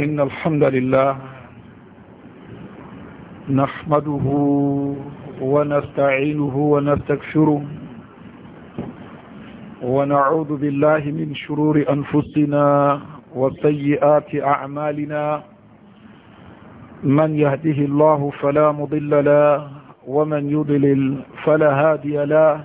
إن الحمد لله نحمده ونستعينه ونستكشره ونعوذ بالله من شرور أنفسنا وسيئات أعمالنا من يهده الله فلا مضل له ومن يضلل فلا هادي له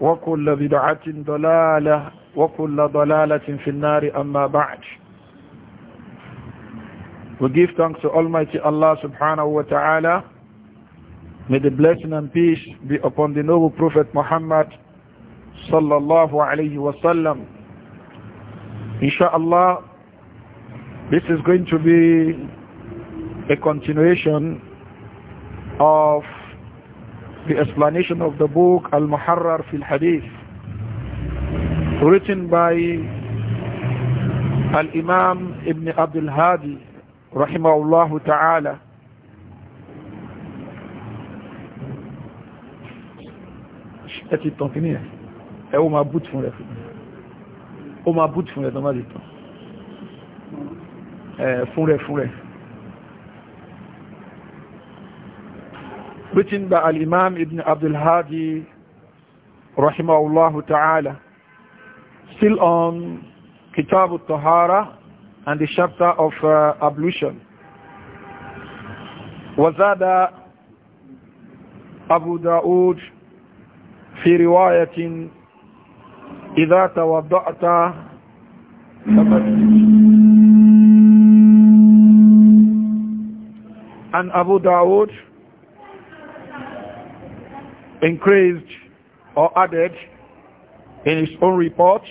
وكل بدعة ضلالة وكل ضلالة في النار أما بعد We give thanks to Almighty Allah subhanahu wa ta'ala. May the blessing and peace be upon the noble Prophet Muhammad sallallahu alayhi wa sallam. Insha'Allah, this is going to be a continuation of the explanation of the book Al-Muharrar fi al Hadith written by Al-Imam Ibn Abdul Hadi rahimahullah ta'ala ẹ ti tàn kí ní ẹ̀ ẹ ó máa bút fún rẹ̀ ó máa bút fún rẹ̀ tó má ti tàn fún rẹ̀ fún rẹ̀ بتن by الإمام ابن عبد الهادي رحمه الله تعالى still on كتاب الطهارة and the chapter of uh, ablution وزاد أبو داود في رواية إذا توضعت عن أبو داود increased or added in his own report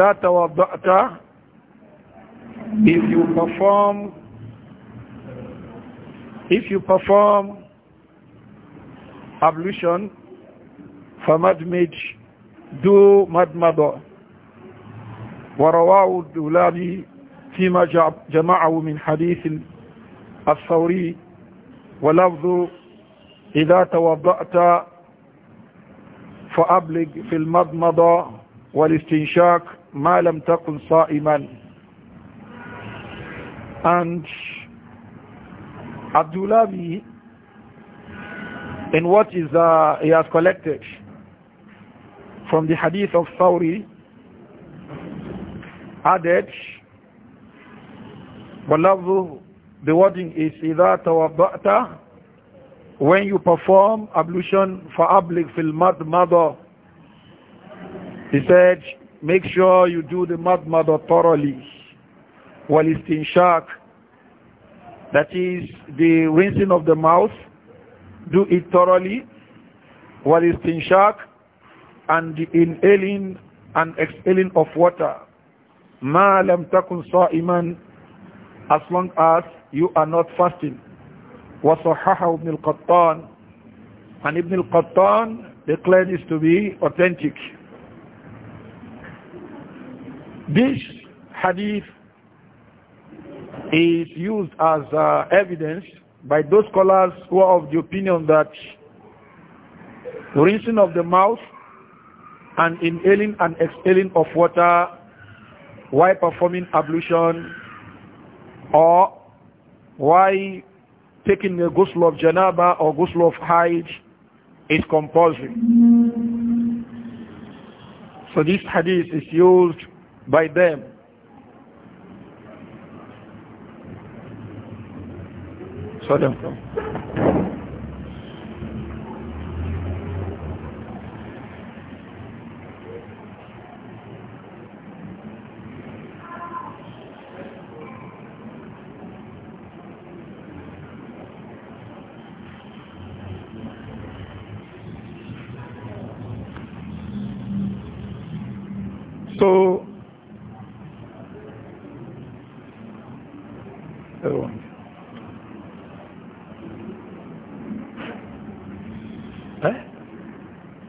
our doctor, if you perform if you perform ablution for فمدمج do مدمضة ورواه الدولابي فيما جمعه من حديث الثوري ولفظ إذا توضأت فأبلغ في المضمضة والاستنشاق ما لم تكن صائما and Abdullahi in what is uh, he has collected from the hadith of Sauri, added وَلَفْظُ the wording is إِذَا تَوَضَّأْتَ when you perform ablution for ablik fil mad mother he said make sure you do the mad mother thoroughly while it's in shock that is the rinsing of the mouth do it thoroughly while it's in shock and the inhaling and exhaling of water ma lam takun sa'iman as long as you are not fasting وصححه ابن القطان and Ibn al-Qattan declared this to be authentic. This hadith is used as uh, evidence by those scholars who are of the opinion that rinsing of the mouth and inhaling and exhaling of water while performing ablution or while taking the ghusl of janaba or ghusl of hajj is compulsory. So this hadith is used by them. So them.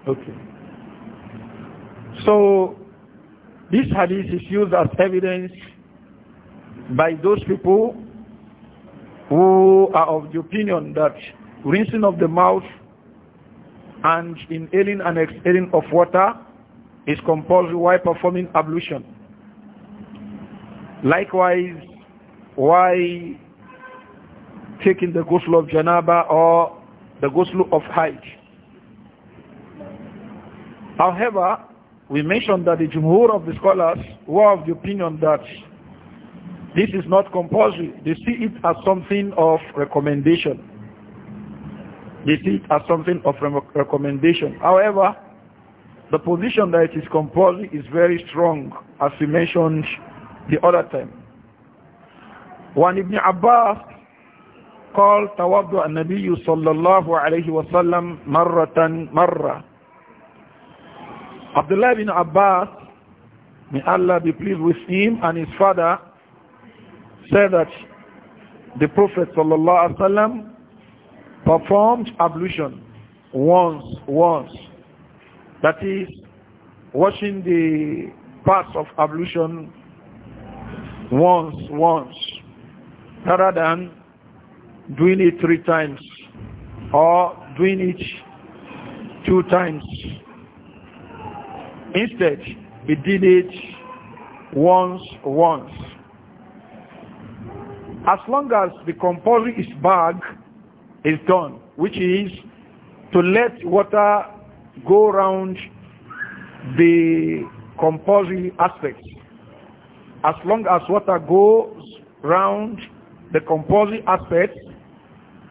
Okay. So, this hadith is used as evidence by those people who are of the opinion that rinsing of the mouth and inhaling and exhaling of water is compulsory while performing ablution. Likewise, why taking the ghusl of janaba or the ghusl of hajj However, we mentioned that the Jumhur of the scholars were of the opinion that this is not compulsory. They see it as something of recommendation. They see it as something of recommendation. However, the position that it is compulsory is very strong, as we mentioned the other time. One Ibn Abbas called Tawaddu al-Nabi sallallahu alayhi wa sallam marratan marra. Abdullah bin Abbas, may Allah be pleased with him and his father, said that the Prophet ﷺ performed ablution once, once. That is, washing the parts of ablution once, once, rather than doing it three times or doing it two times Instead, he did it once, once. As long as the compulsory is bag is done, which is to let water go round the compulsory aspect. As long as water goes round the compulsory aspect,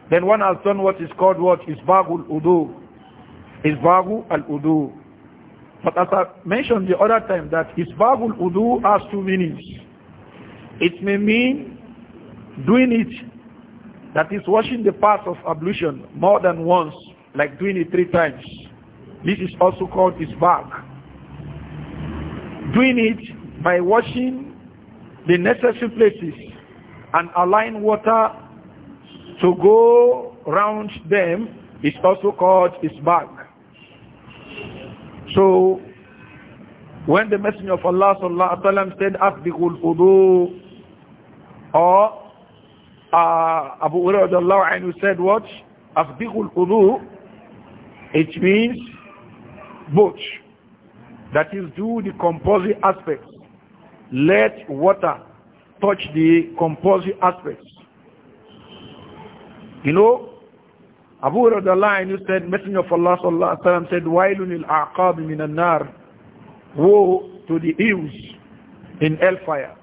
then one has done what is called what is bagul Udu. bagul al-Udu. But as I mentioned the other time that Isbabul Udu has two meanings. It may mean doing it, that is washing the parts of ablution more than once, like doing it three times. This is also called bag. Doing it by washing the necessary places and allowing water to go round them is also called bag. So when the Messenger of Allah sallallahu alaihi wasallam said "Asbiqul wudu," or uh, Abu Hurairah and he said what? "Asbiqul wudu," it means both. That is, do the composite aspects. Let water touch the composite aspects. You know, Abu Radallah and you said, Messenger of Allah sallallahu alayhi wa sallam said, "Wa'ilunil il-aqab min al-nar. Woe to the ills in hellfire.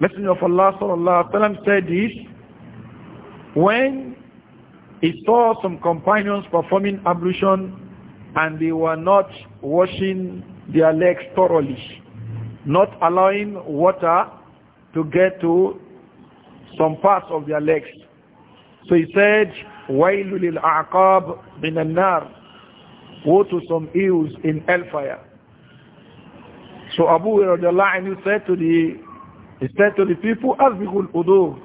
Messenger of Allah sallallahu alayhi wa sallam said this when he saw some companions performing ablution and they were not washing their legs thoroughly, not allowing water to get to some parts of their legs. So he said, وَيْلُ لِلْأَعْقَابِ مِنَ النَّارِ Woe to some eels in hellfire. So Abu Hurairah said to the he said to the people, Azbihul Udur,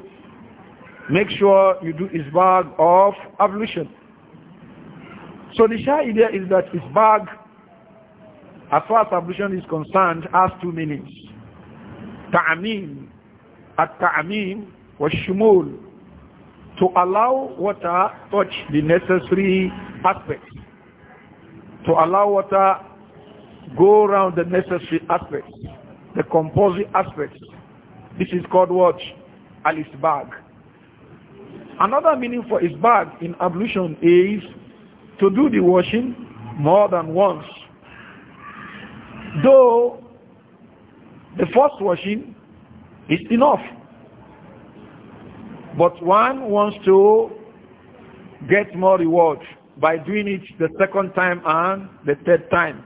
make sure you do isbag of ablution. So the shy idea is that isbag, as far as ablution is concerned, has two meanings. Ta'amim, at-ta'amim, wa-shumul, to allow water touch the necessary aspects to allow water go around the necessary aspects the composite aspects this is called what Alice bag. another meaning for bag in ablution is to do the washing more than once though the first washing is enough but one wants to get more reward by doing it the second time and the third time.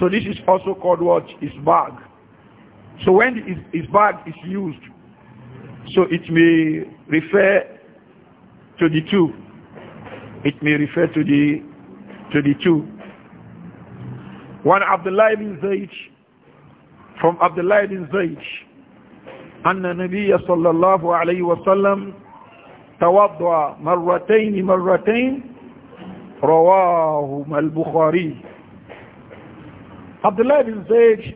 So this is also called what? Is bag. So when is bag is used, so it may refer to the two. It may refer to the to the two. One Abdullah ibn Zayd from Abdullah ibn Zayd أن النبي صلى الله عليه وسلم توضع مرتين مرتين رواه البخاري Abdullah bin Zayd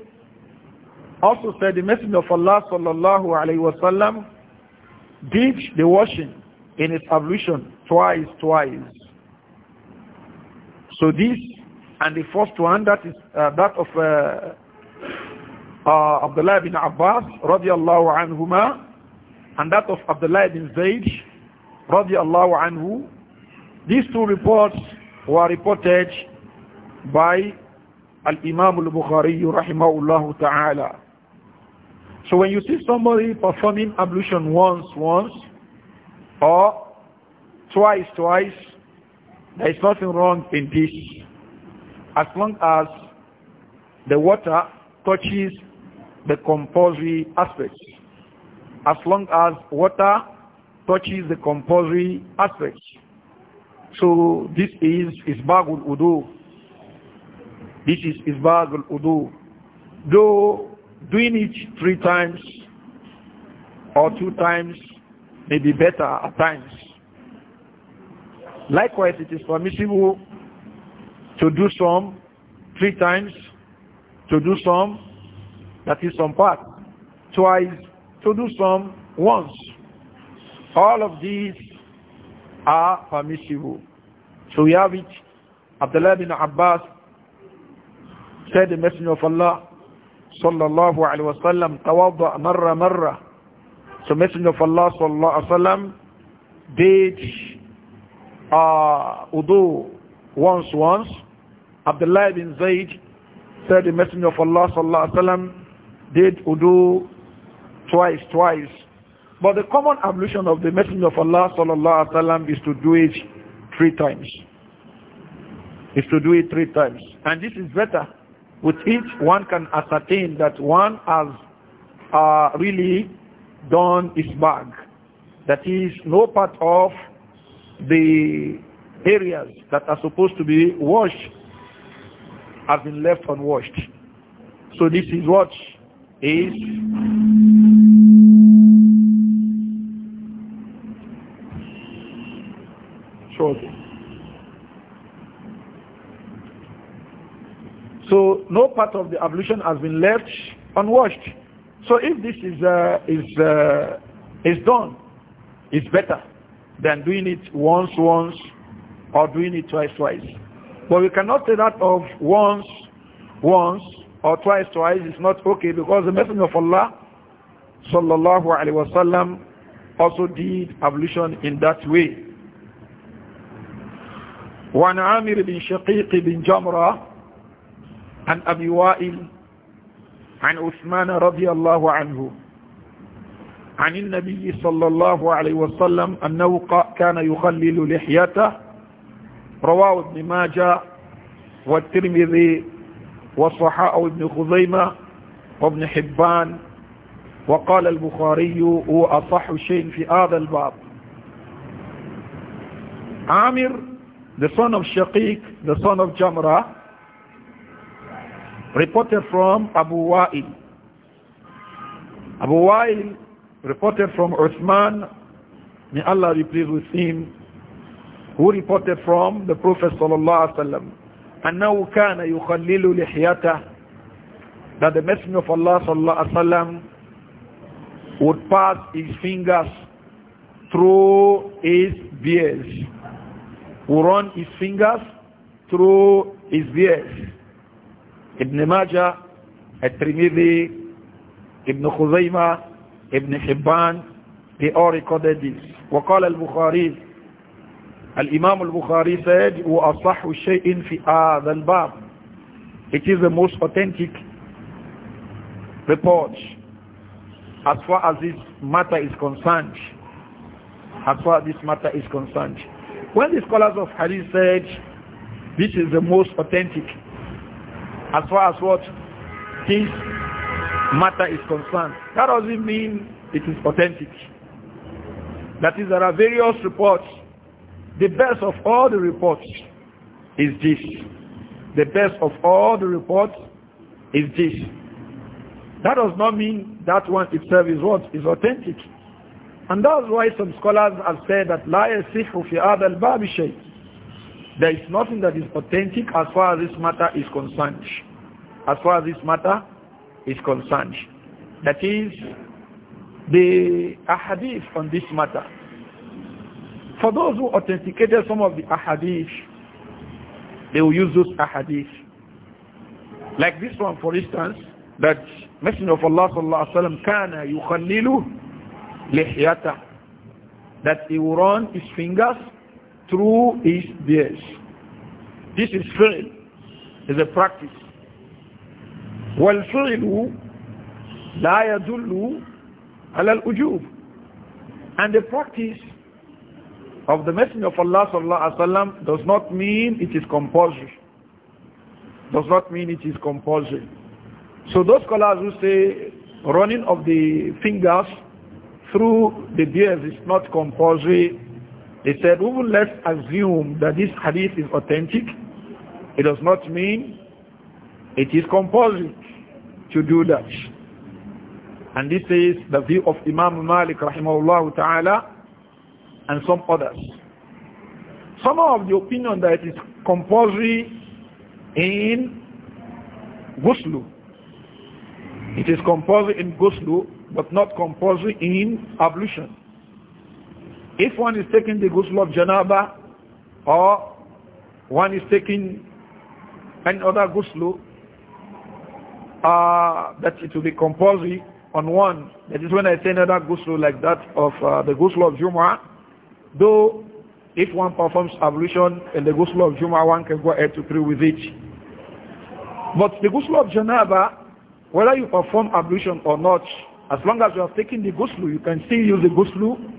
also said the Messenger of Allah sallallahu alayhi عليه وسلم did the washing in his ablution twice, twice. So this and the first one that is uh, that of uh, uh, Abdullah bin Abbas radiallahu anhuma and that of Abdullah bin Zayd radiallahu anhu. These two reports were reported by Al-Imam al-Bukhari rahimahullah ta'ala. So when you see somebody performing ablution once, once, or twice, twice, there is nothing wrong in this. As long as the water touches the compulsory aspects. As long as water touches the compulsory aspects. So this is Isbagul Udu. This is Isbagul Udu. Though doing it three times or two times may be better at times. Likewise, it is permissible to do some three times, to do some that is some part. Twice, to do some once. All of these are permissible. So we have it. Abdullah bin Abbas said the Messenger of Allah sallallahu alayhi wasallam tawadda marra marra. So Messenger of Allah sallallahu alayhi wasallam did uh, udu once once. Abdullah bin Zaid said the Messenger of Allah sallallahu alayhi wasallam did udu twice, twice. But the common ablution of the Messenger of Allah sallallahu alaihi wasallam is to do it three times. Is to do it three times. And this is better. With it, one can ascertain that one has uh, really done his bag. That is no part of the areas that are supposed to be washed have been left unwashed. So this is what is short. So no part of the ablution has been left unwashed. So if this is uh, is uh, is done, it's better than doing it once once or doing it twice twice. But we cannot say that of once once or twice, twice is not okay because the Messenger of Allah sallallahu alaihi wasallam also did ablution in that way. وعن عامر بن شقيق بن جمرة عن أبي وائل عن عثمان رضي الله عنه عن النبي صلى الله عليه وسلم أنه كان يخلل لحيته رواه ابن ماجه والترمذي والصحاء وابن خزيمة وابن حبان وقال البخاري هو أصح شيء في هذا الباب Amir the son of Shaqiq the son of Jamra reported from Abu Wa'il Abu Wa'il reported from Uthman may Allah be pleased with him who reported from the Prophet sallallahu alaihi wasallam أنه كان يخلل لحيته that the Messenger of Allah sallallahu alaihi wasallam would pass his fingers through his beard, would run his fingers through his beard. ابن Majah, at ابن خزيمه ابن حبان they all recorded this. وقال البخاري Al-Imam al-Bukhari said, وَأَصَحُ شَيْءٍ فِي آذَا الْبَابِ It is the most authentic report as far as this matter is concerned. As far as this matter is concerned. When the scholars of Hadith said, this is the most authentic as far as what this matter is concerned, that doesn't mean it is authentic. That is, there are various reports the best of all the reports is this. The best of all the reports is this. That does not mean that one itself is what? Is authentic. And that's why some scholars have said that liar يصح في al الباب شيء. There is nothing that is authentic as far as this matter is concerned. As far as this matter is concerned. That is the ahadith on this matter. For those who authenticated some of the ahadith, they will use those ahadith. Like this one, for instance, that Messenger of Allah sallallahu alaihi wasallam kana yukhallilu lihiyata that he will run his fingers through his beard. This is fi'l, is a practice. والفعل لا يدل على ujub and the practice of the Messenger of Allah sallallahu alaihi wasallam does not mean it is compulsory. Does not mean it is compulsory. So those scholars who say running of the fingers through the beard is not compulsory, they said, we will let's assume that this hadith is authentic. It does not mean it is compulsory to do that. And this is the view of Imam Malik rahimahullah ta'ala and some others. Some are of the opinion that it is compulsory in Guslu. It is compulsory in Guslu, but not compulsory in ablution. If one is taking the Guslu of Janaba, or one is taking other Guslu, uh, that it will be compulsory on one. That is when I say another Guslu like that of uh, the Guslu of Jumu'ah, Though if one performs ablution in the ghusl of Juma, one can go ahead to pray with it. But the ghusl of Janaba, whether you perform ablution or not, as long as you have taken the ghusl, you can still use the ghusl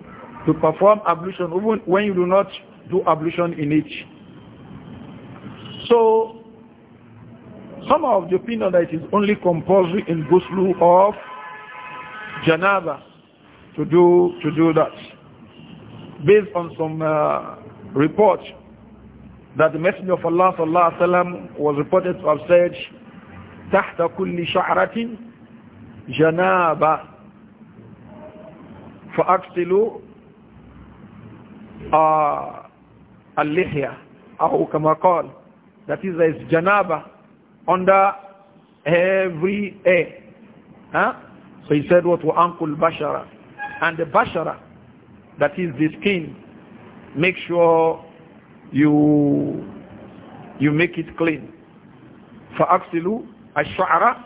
to perform ablution even when you do not do ablution in it. So, some of the opinion that it is only compulsory in ghusl of Janaba to do, to do that based on some uh, reports that the Messenger of Allah sallallahu alaihi wasallam was reported to have said, تحت كل شعرة جنابة فأغسلوا uh, اللحية أو كما قال that is there is janaba under every a. huh? so he said what to ankul bashara and the bashara that is the skin make sure you you make it clean فأغسلوا الشعر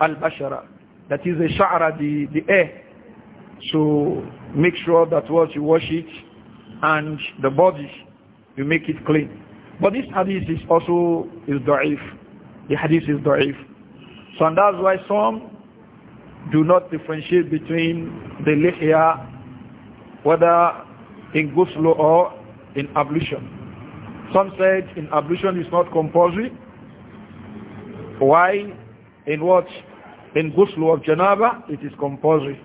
al البشرة that is the shaara, the, the air so make sure that what you wash it and the body you make it clean but this hadith is also is da'if the hadith is da'if so and that's why some do not differentiate between the lihya, whether in ghusl or in ablution. Some said in ablution is not compulsory. Why? In what? In ghusl of janaba, it is compulsory.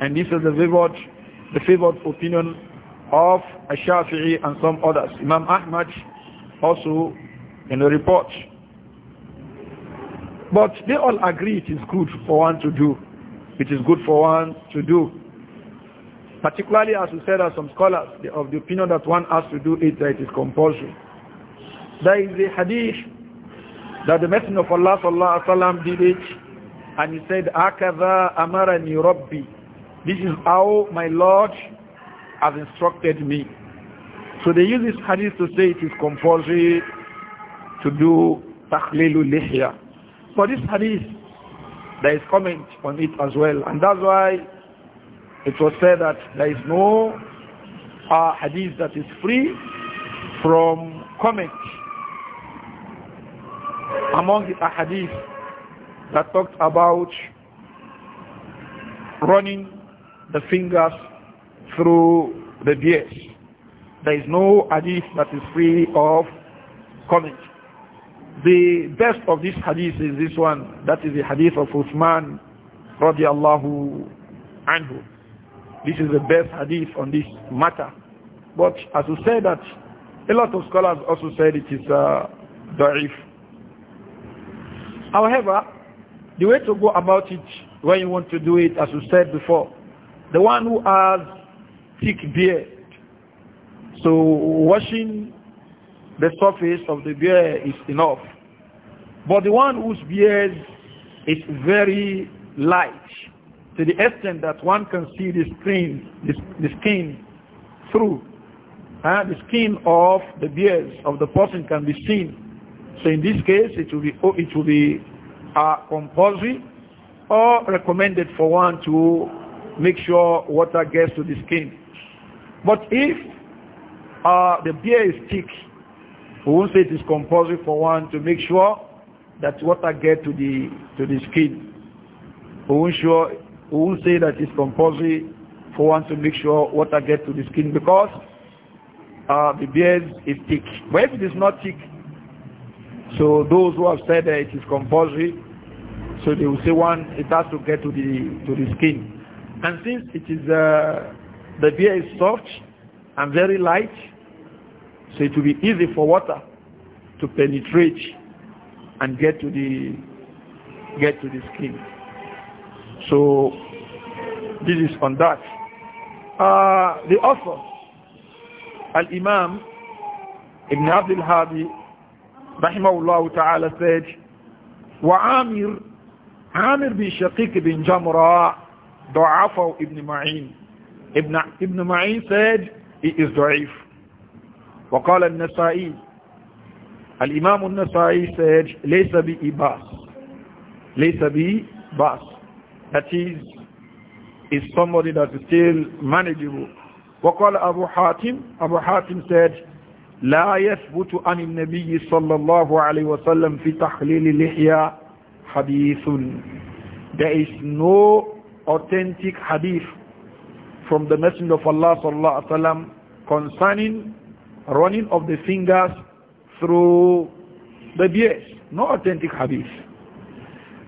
And this is the favored, the favored opinion of Ash-Shafi'i and some others. Imam Ahmad also in the report but they all agree it is good for one to do. It is good for one to do. Particularly as we said as some scholars of the opinion that one has to do it, that it is compulsory. There is a hadith that the Messenger of Allah sallallahu alaihi wasallam did it and he said, Akadha amarani rabbi. This is how my Lord has instructed me. So they use this hadith to say it is compulsory to do takhlilul lihya for this hadith, there is comment on it as well. And that's why it was said that there is no uh, hadith that is free from comment. Among the hadith that talked about running the fingers through the beard. There is no hadith that is free of comment. The best of this hadith is this one. That is the hadith of Uthman radiallahu anhu. This is the best hadith on this matter. But as we said that, a lot of scholars also said it is uh, da'if. However, the way to go about it when you want to do it, as we said before, the one who has thick beard, so washing the surface of the beard is enough. But the one whose beard is very light, to the extent that one can see the skin, the, the skin through, uh, the skin of the beard of the person can be seen. So in this case, it will be, it will be uh, compulsory or recommended for one to make sure water gets to the skin. But if uh, the beard is thick, we won't say it is compulsory for one to make sure that water get to the to the skin. We won't sure we won't say that it's compulsory for one to make sure water get to the skin because uh, the beard is thick. But if it is not thick, so those who have said that it is compulsory, so they will say one it has to get to the to the skin. And since it is uh, the beard is soft and very light, so it will be easy for water to penetrate and get to the get to the skin. So this is on that. Uh, the author, Al-Imam Ibn Abdul Hadi, rahimahullah ta'ala said, وعامر عامر بن شقيق بن جمرة ضعفه ابن معين Ibn Ibn معين said he is ضعيف وقال النسائي الإمام النسائي said ليس بي باس ليس بي باس that is is somebody that is still manageable وقال أبو حاتم أبو حاتم said لا يثبت عن النبي صلى الله عليه وسلم في تحليل اللحية حديث there is no authentic hadith from the messenger of Allah صلى الله عليه وسلم concerning running of the fingers through the beard. No authentic hadith.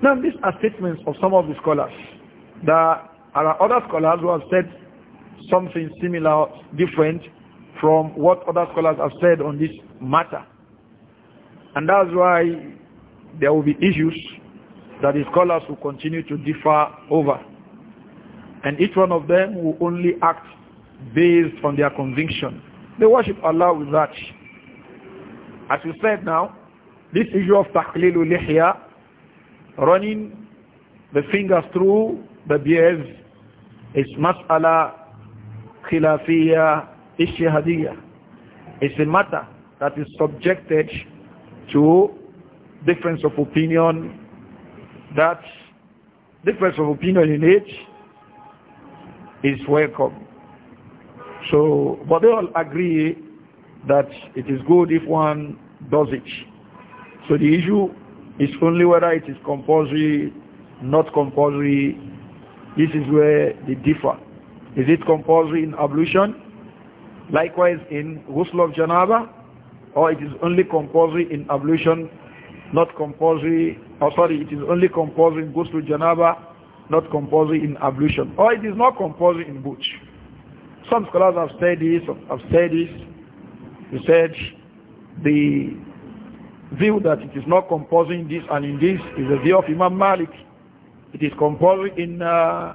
Now these are statements of some of the scholars. There are other scholars who have said something similar, different from what other scholars have said on this matter. And that's why there will be issues that the scholars will continue to differ over. And each one of them will only act based on their conviction. They worship Allah with that. As we said now, this issue of taqlilul lihya, running the fingers through the beard, is mas'ala khilafiyya ishihadiyya. It's a matter that is subjected to difference of opinion that difference of opinion in it is welcome. So, but they all agree that it is good if one does it. So the issue is only whether it is compulsory, not compulsory. This is where they differ. Is it compulsory in ablution? Likewise in ghusl of janaba? Or it is only compulsory in ablution, not compulsory, or oh, sorry, it is only compulsory in ghusl of janaba, not compulsory in ablution. Or it is not compulsory in butch. Some scholars have said this, have said this. He said the view that it is not composing this and in this is the view of Imam Malik. It is composing in uh,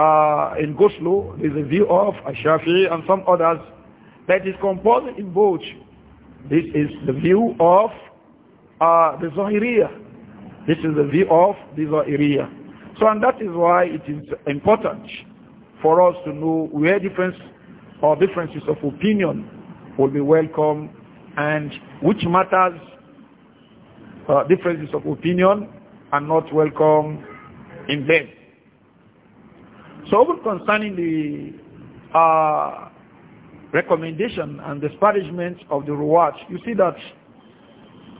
uh, in Goslo, is the view of Ashafi and some others that is composing in both. This is the view of uh, the Zahiriya. This is the view of the Zahiriya. So and that is why it is important for us to know where difference or differences of opinion will be welcome and which matters uh, differences of opinion are not welcome in them. So concerning the uh, recommendation and disparagement of the reward, you see that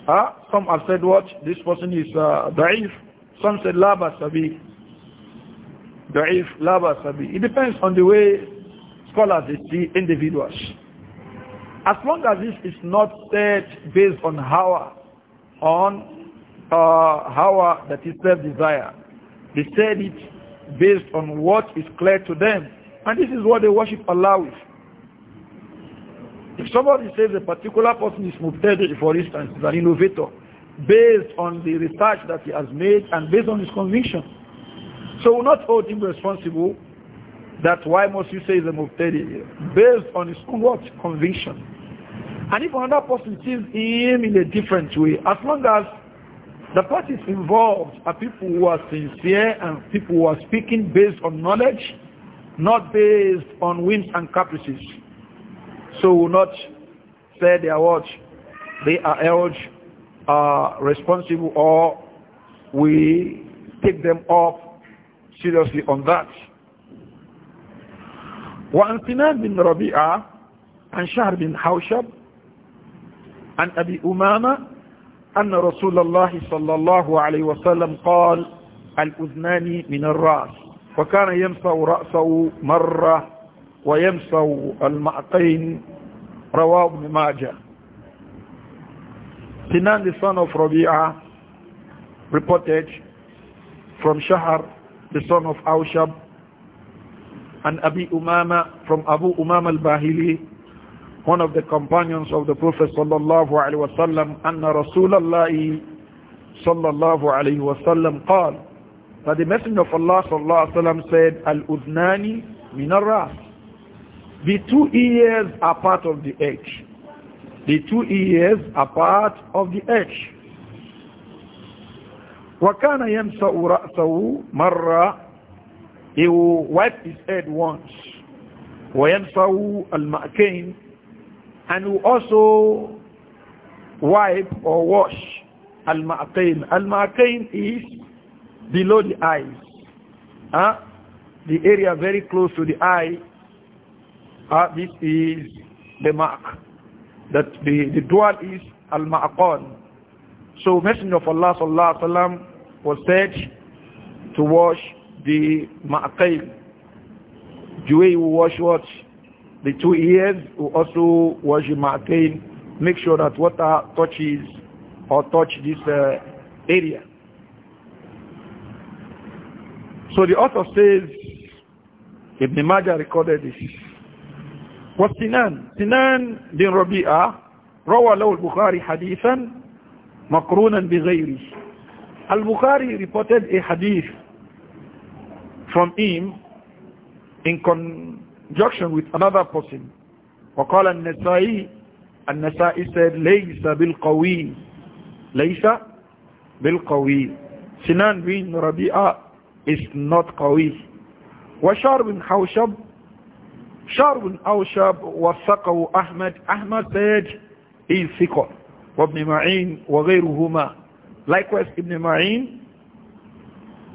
uh, some have said what? This person is uh, da'if. Some said laba sabi da'if, la ba'asabi. It depends on the way scholars see individuals. As long as this is not said based on hawa, on uh, hawa that is self-desire, they said it based on what is clear to them. And this is what they worship Allah with. If somebody says a particular person is Mubtadi, for instance, is an innovator, based on the research that he has made and based on his conviction, so we'll not hold him responsible that why must you say the Muqtadi based on his own what? Conviction. And if another person sees him in a different way, as long as the parties involved are people who are sincere and people who are speaking based on knowledge, not based on whims and caprices. So we will not say they are what they are held uh, responsible or we take them off seriously on that. وعن bin Rabi'a عن شهر بن حوشب عن أبي أمامة أن رسول الله صلى الله عليه وسلم قال الأذنان من الرأس وكان يمسو رأسه مرة ويمسو المعقين رواه ابن ماجه Sinan the son of ربيعة reported from شهر the son of Aushab, and Abi Umama from Abu Umama al-Bahili, one of the companions of the Prophet sallallahu alaihi wasallam, anna Rasulullah sallallahu alaihi wasallam قال that the Messenger of Allah sallallahu alaihi wasallam said, al-udnani min ras The two ears are part of the edge. The two ears are part of the edge. وَكَانَ يَمْسَأُ رَأْسَهُ مَرَّةً He will wipe his head once. وَيَمْسَأُ الْمَأْكَيْنِ And will also wipe or wash al Mākain. al Mākain is below the eyes. Huh? The area very close to the eye. This is the mark. That the, the dual is al Mākain. So Messenger of Allah sallallahu alaihi wasallam was said to wash the ma'aqil. Juway will wash what? The two ears will also wash the ma'aqil. Make sure that water touches or touch this uh, area. So the author says, Ibn Majah recorded this. Was Sinan. Sinan bin Rabi'ah روى له البخاري حديثا مقرونا بغيره البخاري reported a hadith from him in conjunction with another person وقال النسائي النسائي said ليس بالقوي ليس بالقوي سنان بن ربيع is not قوي وشار بن حوشب شار بن حوشب وثقه أحمد أحمد said he is ثقه وابن معين وغيرهما likewise ابن معين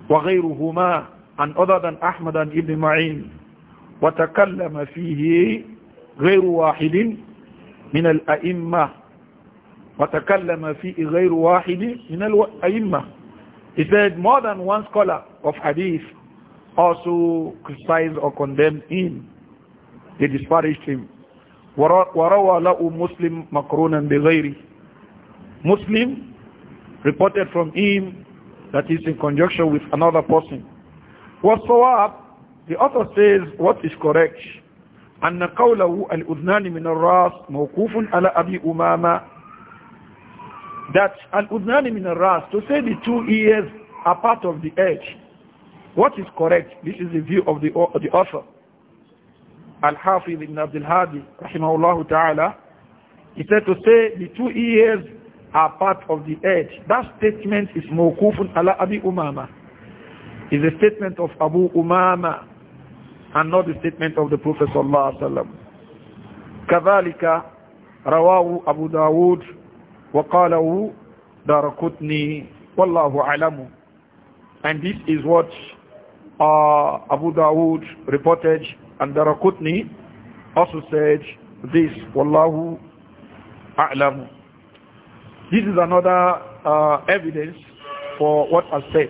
وغيرهما عن other than أحمد ابن معين وتكلم فيه غير واحد من الأئمة وتكلم فيه غير واحد من الأئمة he said more than one scholar of hadith also criticized or condemned him they disparaged him وروا له مسلم مقرونا بغيره Muslim reported from him that is in conjunction with another person. up? the author says what is correct أن قوله الأذنان من الرأس موقوف على أبي أمامة that al-udnani min al to say the two ears are part of the head what is correct this is the view of the the author al-hafiz ibn abd al-hadi rahimahullah ta'ala he said to say the two ears are part of the earth. That statement is mawkufun ala Abi Umama. Is a statement of Abu Umama and not the statement of the Prophet sallallahu alaihi wasallam. كذلك رواه أبو darakutni وقاله داركتني والله أعلم. And this is what uh, Abu Dawud reported and Darakutni also said this Wallahu A'lamu this is another uh, evidence for what I said.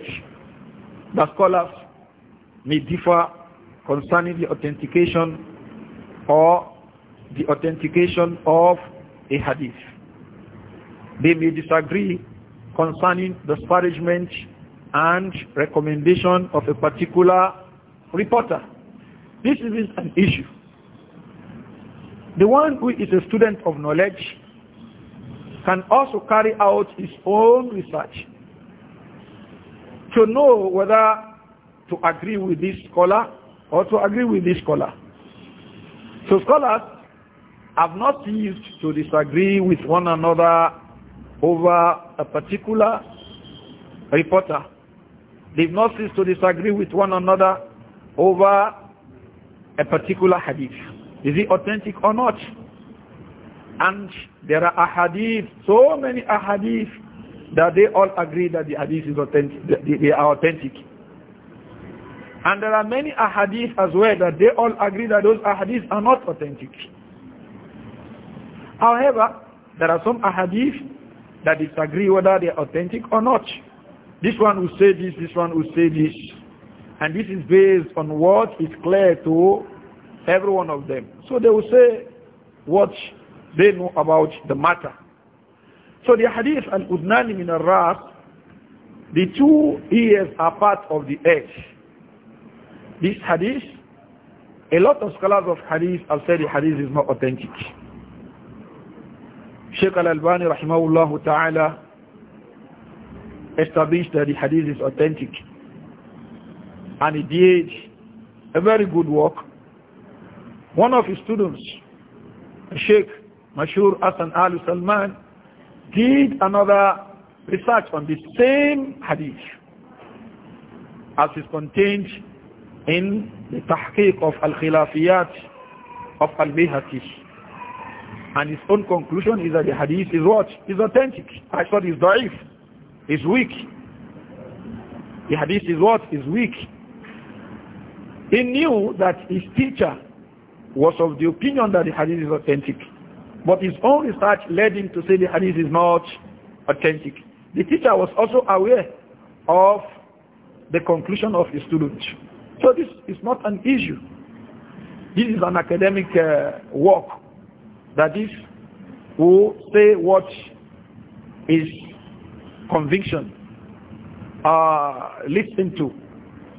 The scholars may differ concerning the authentication or the authentication of a hadith. They may disagree concerning disparagement and recommendation of a particular reporter. This is an issue. The one who is a student of knowledge can also carry out his own research to know whether to agree with this scholar or to agree with this scholar. So scholars have not ceased to disagree with one another over a particular reporter. They've not ceased to disagree with one another over a particular hadith. Is it authentic or not? And there are ahadith, so many ahadith, that they all agree that the hadith is authentic, they are authentic. And there are many ahadith as well that they all agree that those ahadith are not authentic. However, there are some ahadith that disagree whether they are authentic or not. This one will say this, this one will say this. And this is based on what is clear to every one of them. So they will say what they know about the matter. So the hadith and udnani min al-ras, the two ears are part of the edge. This hadith, a lot of scholars of hadith have said the hadith is not authentic. Sheikh al-Albani rahimahullah ta'ala established that the hadith is authentic. And he did a very good work. One of his students, Sheikh Mashur Asan Al Salman, did another research on the same hadith as is contained in the tahqiq of Al-Khilafiyat of Al-Bihaqi. And his own conclusion is that the hadith is what? Is authentic. I thought it's da'if. It's weak. The hadith is what? Is weak. He knew that his teacher was of the opinion that the hadith is authentic. But his own research led him to say the hadith is not authentic. The teacher was also aware of the conclusion of his student. So this is not an issue. This is an academic uh, work. That is, who say what is conviction uh, leads into.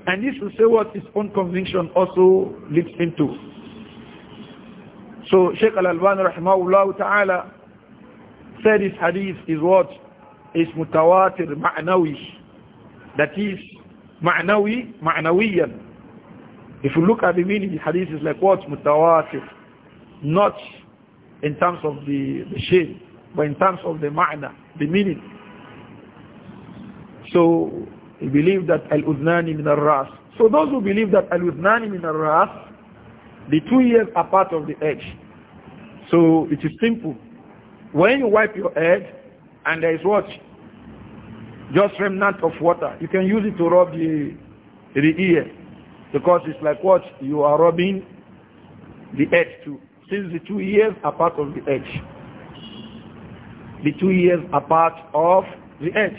And this will say what his own conviction also leads into. So Sheikh Al-Albani rahimahullah ta'ala said this hadith is what? Is mutawatir ma'nawi. That is ma'nawi, ma'nawiyan. If you look at the meaning, the hadith is like what? Mutawatir. Not in terms of the, the shade, but in terms of the ma'na, the meaning. So, he believed that al-udnani min al-ras. So those who believe that al-udnani min al-ras the two ears are part of the edge. So it is simple. When you wipe your head and there is what? Just remnant of water. You can use it to rub the, the ear. Because it's like what? You are rubbing the edge too. Since the two ears are part of the edge. The two ears are part of the edge.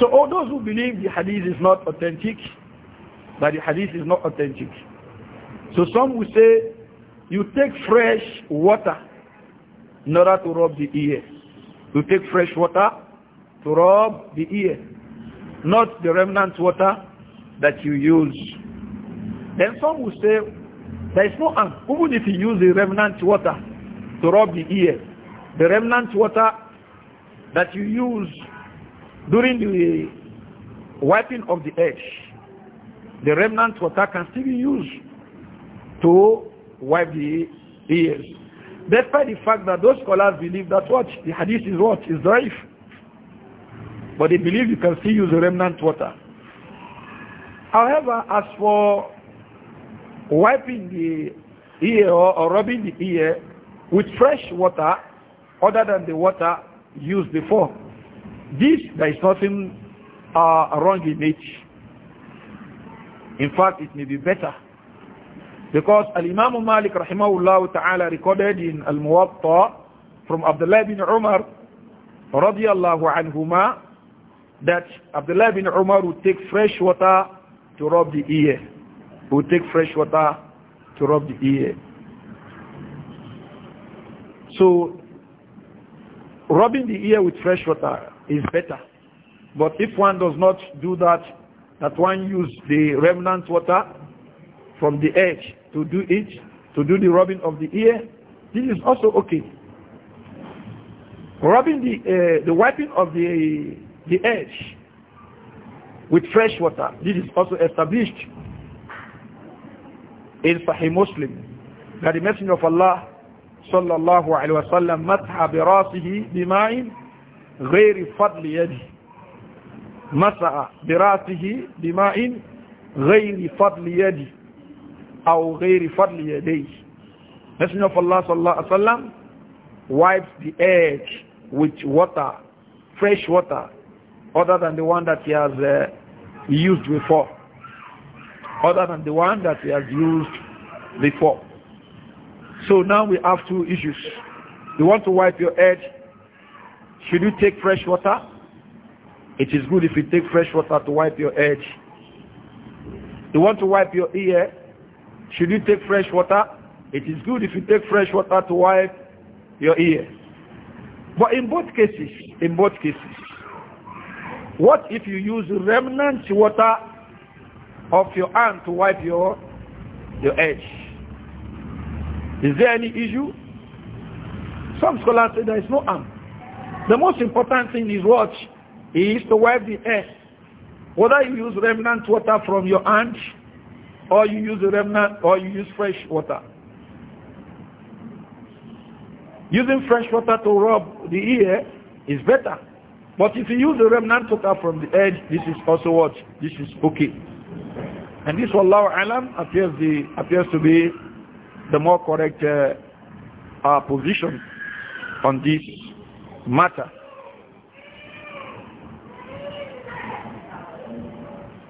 So all those who believe the hadith is not authentic, that the hadith is not authentic, So some will say, you take fresh water in order to rub the ear. You take fresh water to rub the ear, not the remnant water that you use. Then some will say, there is no harm. Even if you use the remnant water to rub the ear, the remnant water that you use during the wiping of the edge, the remnant water can still be used to wipe the ears. Despite the fact that those scholars believe that what? The hadith is what? Is da'if. But they believe you can still use the remnant water. However, as for wiping the ear or rubbing the ear with fresh water other than the water used before, this, there is nothing uh, wrong in it. In fact, it may be better because Al-Imam Malik rahimahullah ta'ala recorded in Al-Muwatta from Abdullah bin Umar radiyallahu anhuma that Abdullah bin Umar would take fresh water to rub the ear. Would take fresh water to rub the ear. So rubbing the ear with fresh water is better. But if one does not do that, that one use the remnant water from the edge to do it, to do the rubbing of the ear, this is also okay. Rubbing the, uh, the wiping of the, the edge with fresh water, this is also established in Sahih Muslim that the Messenger of Allah sallallahu alayhi wa sallam matha bi rasihi bima'in غير فضل يده مسح براسه بماء غير فضل يده أو غير فضل يديه Messenger of Allah sallallahu alaihi wasallam wipes the edge with water, fresh water, other than the one that he has uh, used before, other than the one that he has used before. So now we have two issues. You want to wipe your edge? Should you take fresh water? It is good if you take fresh water to wipe your edge. You want to wipe your ear? Should you take fresh water? It is good if you take fresh water to wipe your ears. But in both cases, in both cases, what if you use remnant water of your hand to wipe your your edge? Is there any issue? Some scholars say there is no harm. The most important thing is what is to wipe the edge. Whether you use remnant water from your hand or you use remnant, or you use fresh water. Using fresh water to rub the ear is better. But if you use the remnant water from the edge, this is also what? This is okay. And this, Wallahu Alam, appears, the, appears to be the more correct uh, uh, position on this matter.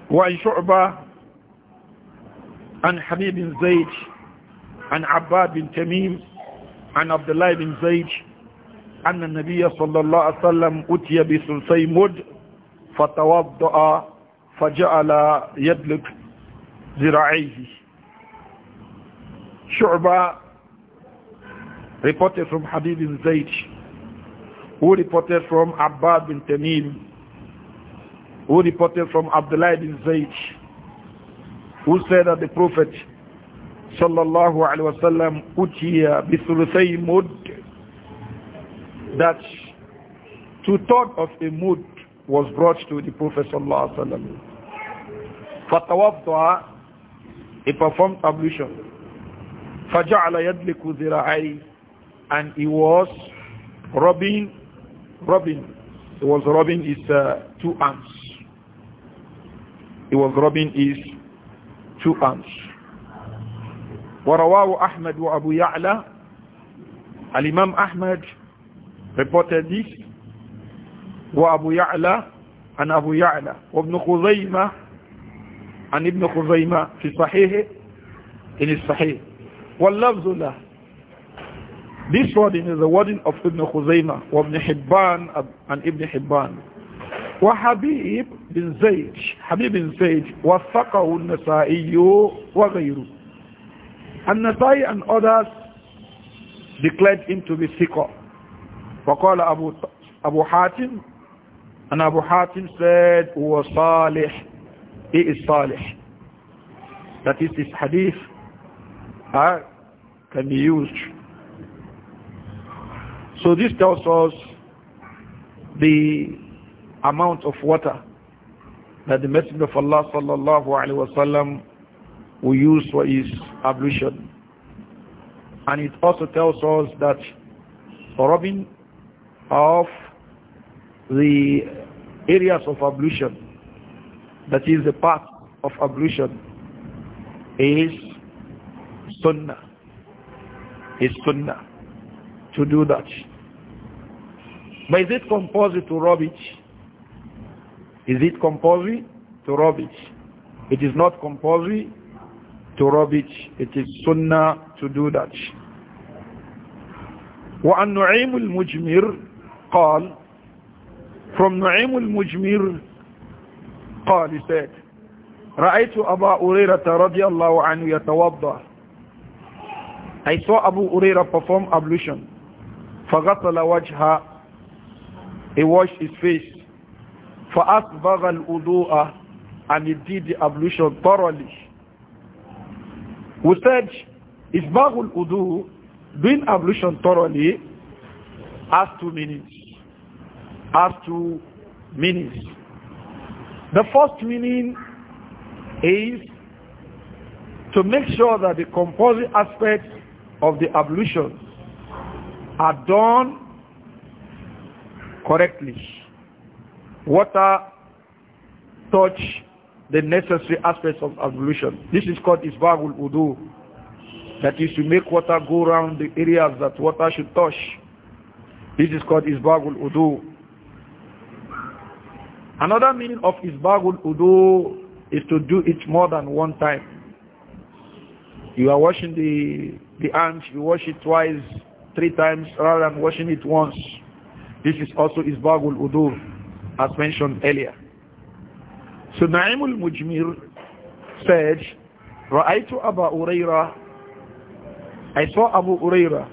وعن شعبة عن حبيب بن زيد عن عباد بن تميم عن عبد الله بن زيد أن النبي صلى الله عليه وسلم أتي بثلثي مد فتوضأ فجعل يدلك ذراعيه شعبة reported from Habib bin Zayd who reported from Abbad bin Tamim who reported from Abdullah bin Zayd who said that the Prophet sallallahu alaihi wasallam utiya bithuluthay mud that 2 thought of a mud was brought to the Prophet sallallahu alaihi wasallam. فتوضع he performed ablution فجعل yadliku ذراعي and he was rubbing rubbing he was rubbing his uh, two arms he was rubbing his two arms ورواه أحمد وأبو يعلى الإمام أحمد reported this وأبو يعلى عن أبو يعلى وابن خزيمة عن ابن خزيمة في صحيح إن الصحيح واللفظ له this wording is the wording of Ibn Khuzaymah Ibn Hibban, and Ibn Hibban وحبيب بن زيد حبيب بن زيد وثقه النسائي وغيره النسائي and others declared him to be ثقة وقال أبو, أبو حاتم and Abu Hatim said هو صالح he is صالح that is this hadith uh, can be used so this tells us the amount of water that the Messenger of Allah sallallahu alaihi wasallam will use for his ablution. And it also tells us that rubbing of the areas of ablution, that is the part of ablution, is sunnah. Is sunnah to do that. But is it compulsory to rub it? Is it compulsory? To rub it. It is not compulsory to rub it. It is sunnah to do that. وعن نعيم المجمر قال from نعيم المجمر قال he said رأيت أبا أريرة رضي الله عنه يتوضأ I saw Abu Uraira perform ablution. فَغَطَلَ her. He washed his face. فأصبغ الوضوء and he did the ablution thoroughly. We said, Isbagul Udu, doing ablution thoroughly, has two minutes. Has two minutes. The first meaning is to make sure that the composite aspects of the ablution are done correctly water touch the necessary aspects of ablution. This is called isbagul udu, That is to make water go around the areas that water should touch. This is called isbagul udu. Another meaning of isbagul udu is to do it more than one time. You are washing the the hands, you wash it twice, three times rather than washing it once. This is also isbagul udu as mentioned earlier. So Naim al-Mujmir said, Ra'aytu Abu Urayra. I saw Abu Urayra.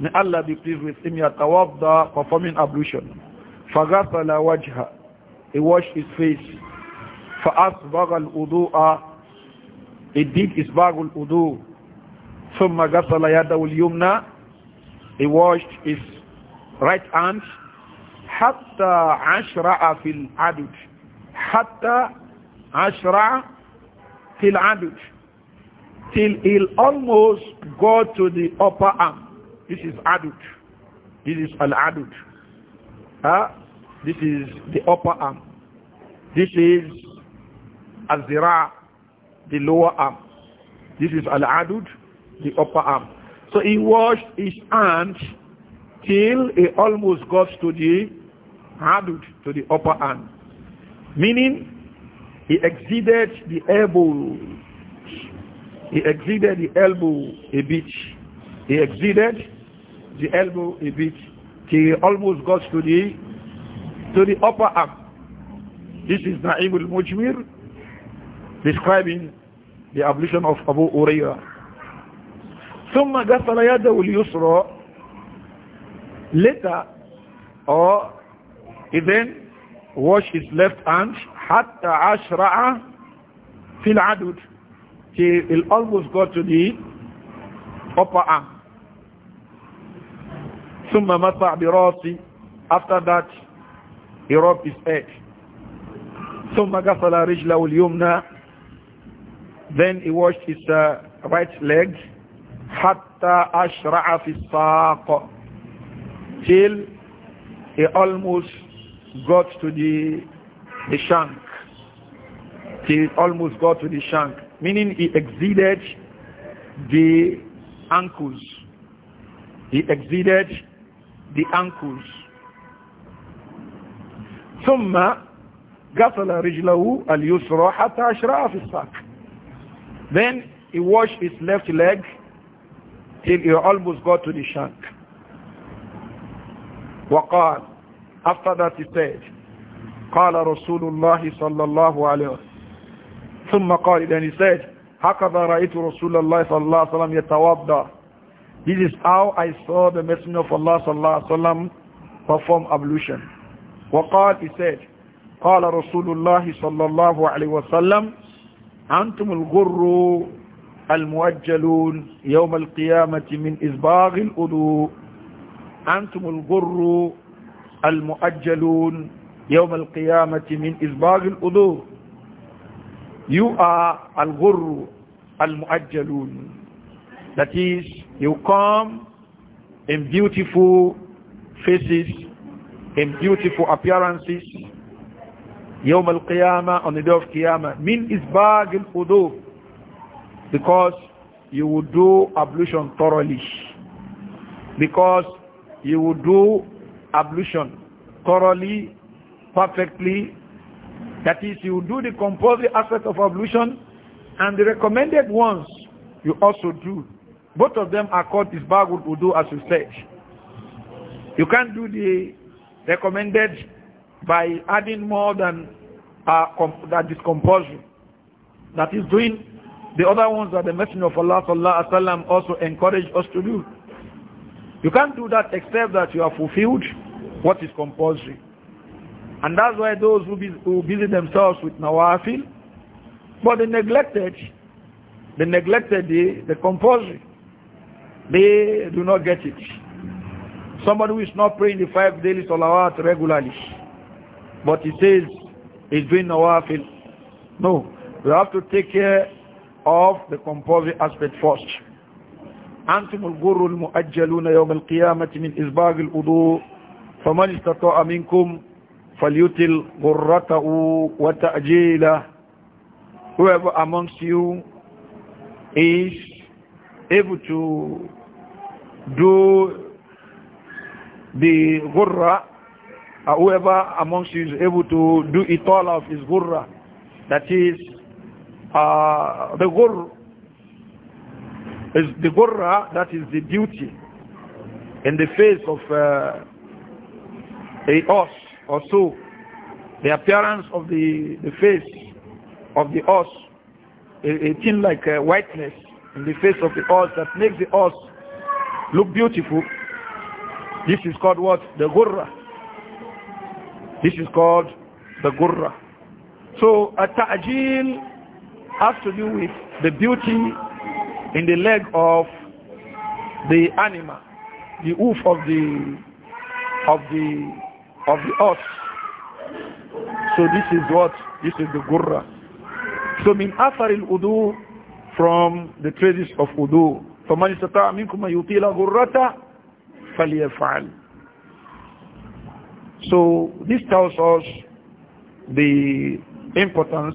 may Allah be pleased with him, yatawadda, performing ablution. Faghasala wajha, he washed his face. Fa'asbagha al-udu'a, he did his al-udu' ثم غسل يده اليمنى he washed his right hand حتى عشرع في العدد حتى عشرع في العدد till he almost got to the upper arm this is adult this is an adult. huh? this is the upper arm this is azira, the lower arm this is al adult, the upper arm so he washed his hands till he almost got to the adult to the upper hand, meaning he exceeded the elbow. He exceeded the elbow a bit. He exceeded the elbow a bit. He almost got to the to the upper arm. This is Na'im al-Mujmir describing the ablution of Abu Uraira. ثم غسل يده اليسرى later or he then washed his left hand, hatta ashra'a fil adud. He will almost go to the upper arm. ثم مسح براسي after that he rubbed his head ثم غسل رجله اليمنى then he washed his uh, right leg hatta ashraa في الساق till he almost got to the, the shank. He almost got to the shank, meaning he exceeded the ankles. He exceeded the ankles. ثم غسل رجله اليسرى حتى في الساق. Then he washed his left leg till he almost got to the shank. وقال After that he said, قال رسول الله صلى الله عليه وسلم ثم قال then he said هكذا رأيت رسول الله صلى الله عليه وسلم يتوضى This is how I saw the Messenger of Allah صلى الله عليه وسلم perform ablution. وقال he said قال رسول الله صلى الله عليه وسلم أنتم الغر المؤجلون يوم القيامة من إزباغ الأدو أنتم الغر المؤجلون يوم القيامة من إزباغ الأذور You are al al That is, you come in beautiful faces, in beautiful appearances. يوم al-Qiyamah, on the day of Qiyamah. Min إزباغ al Because you will do ablution thoroughly. Because you will do ablution thoroughly, perfectly. That is, you do the compulsory aspect of ablution and the recommended ones you also do. Both of them are called isbagul wudu as you said. You can't do the recommended by adding more than uh, that is compulsory. That is doing the other ones that the Messenger of Allah sallallahu also encouraged us to do. You can't do that except that you are fulfilled what is compulsory. And that's why those who, busy, who busy themselves with nawafil, but they neglected, they neglected the, the compulsory. They do not get it. Somebody who is not praying the five daily salawat regularly, but he says he's doing nawafil. No, we have to take care of the compulsory aspect first. أنتم الغر المؤجلون يوم القيامة من إسباغ الأضوء فمن استطاع منكم فليتل غرته وتأجيله whoever amongst you is able to do the gurra, uh, whoever amongst you is able to do it all of his gurra, that is uh, the gurra. is the ghurra that is the duty in the face of uh, a horse or so, the appearance of the, the face of the horse, a, a like a whiteness in the face of the horse that makes the horse look beautiful. This is called what? The gurra. This is called the gurra. So a ta'jil has to do with the beauty in the leg of the animal, the hoof of the of the of the earth. So this is what? This is the gurra. So min afaril udu from the traces of udu. فَمَنْ اسْتَطَاعَ مِنْكُمْ يُطِيلَ غُرَّةَ فَلْيَفْعَلْ So this tells us the importance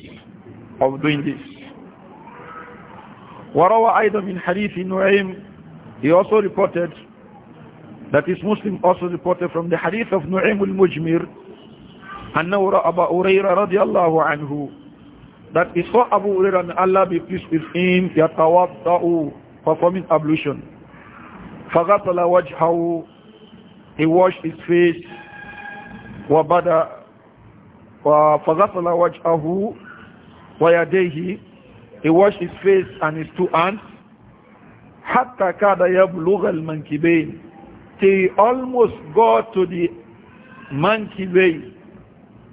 of doing this. وروى أيضا من حديث نعيم he also reported that is Muslim also reported from the hadith of Nu'aym al-Mujmir أنه رأى أبا أريرة رضي الله عنه saw Abu Urayra, and Allah be pleased with him yatawadda'u performing ablution faghatala wajhahu he washed his face wa bada wa faghatala wajhahu wa he washed his face and his two hands hatta kada yablugha al-mankibayn they almost got to the monkey base,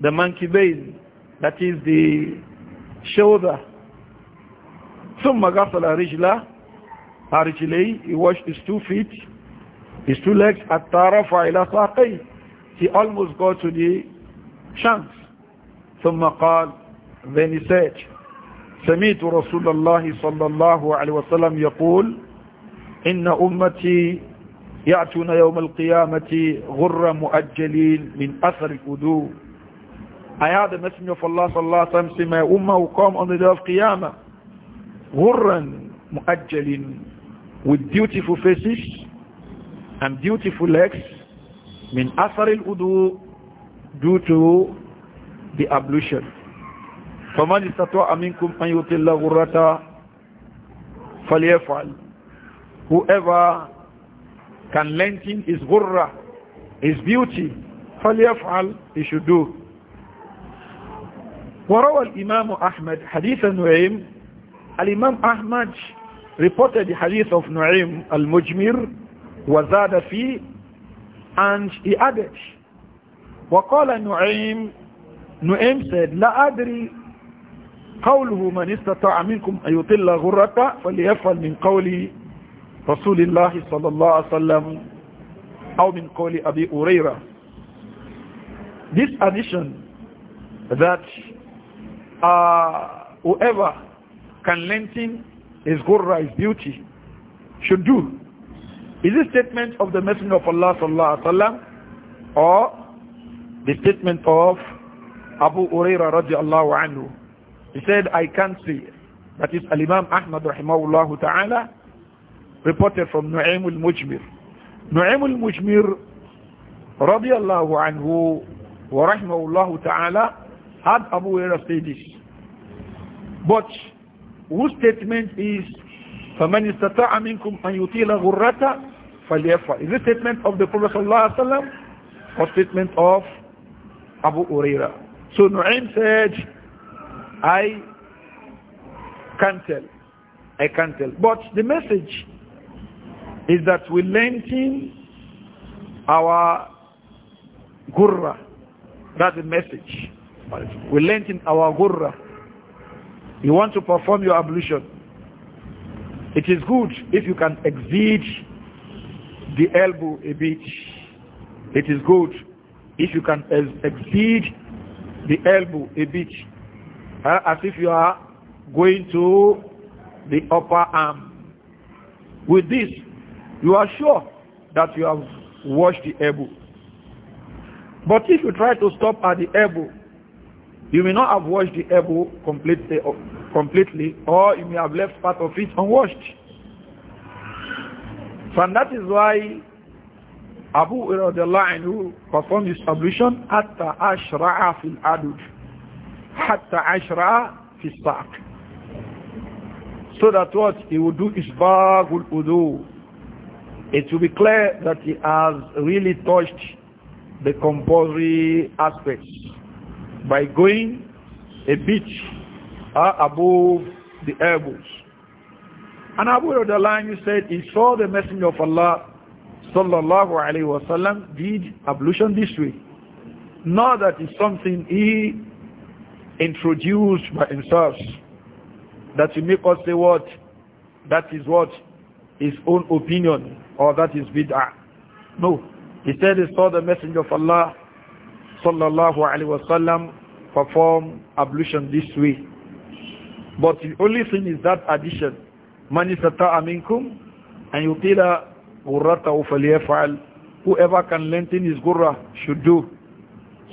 the monkey base, that is the shoulder. ثم غسل رجلا رجلي he washed his two feet his two legs حتى رفع إلى ساقيه he almost got to the shanks ثم قال then he said سميت رسول الله صلى الله عليه وسلم يقول إن أمتي يأتون يوم القيامة غر مؤجلين من أثر الأدو أياد مسمي فالله صلى الله عليه وسلم أمه قام أن يوم القيامة غر مؤجلين with beautiful faces and beautiful legs من أثر الأدو due to the ablution فمن استطاع منكم أن يطل غرته فليفعل whoever can lengthen his gurra, his beauty. فليفعل he should do. وروى الإمام أحمد حديث نعيم الإمام أحمد reported the hadith of نعيم المجمر وزاد فيه and he added وقال نعيم نعيم said لا أدري قوله من استطاع منكم أن يطل غرة فليفعل من قولي رسول الله صلى الله عليه وسلم أو من قول أبي أريرة this addition that uh, whoever can lengthen his gurra, his beauty, should do. Is a statement of the Messenger of Allah الله عليه وسلم, or the statement of Abu Uraira radiallahu anhu? He said, I can't see. That is Al-Imam Ahmad rahimahullah ta'ala reported from Nu'aym al-Mujmir. Nu'aym al-Mujmir, radiallahu anhu, wa rahmahullahu ta'ala, had Abu Huraira say this. But whose statement is, فَمَنِ اسْتَطَعَ مِنْكُمْ أَنْ يُطِيلَ غُرَّةَ فَلْيَفْعَلْ Is the statement of the Prophet sallallahu or statement of Abu Huraira? So Nu'aym said, I can't tell. I can't tell. But the message is that we lengthen our gurra. That's the message. We lengthen our gurra. You want to perform your ablution. It is good if you can exceed the elbow a bit. It is good if you can exceed the elbow a bit. as if you are going to the upper arm. With this, you are sure that you have washed the elbow. But if you try to stop at the elbow, you may not have washed the elbow completely, eh, oh, completely or you may have left part of it unwashed. So, and that is why Abu Iradiallah who performed his ablution hatta ashra'a fil adud hatta ashra'a fil so that what he would do is bagul udu it will be clear that he has really touched the compulsory aspects by going a bit uh, above the elbows. And Abu Radalani said he saw the Messenger of Allah sallallahu alayhi wa sallam did ablution this way. Not that it's something he introduced by himself that will make us say what? That is what his own opinion or that is bid'ah. No. He said he saw the Messenger of Allah sallallahu alaihi wasallam perform ablution this way. But the only thing is that addition. Man aminkum, minkum you yutila ghurratahu falyaf'al. Whoever can lengthen his gurra should do.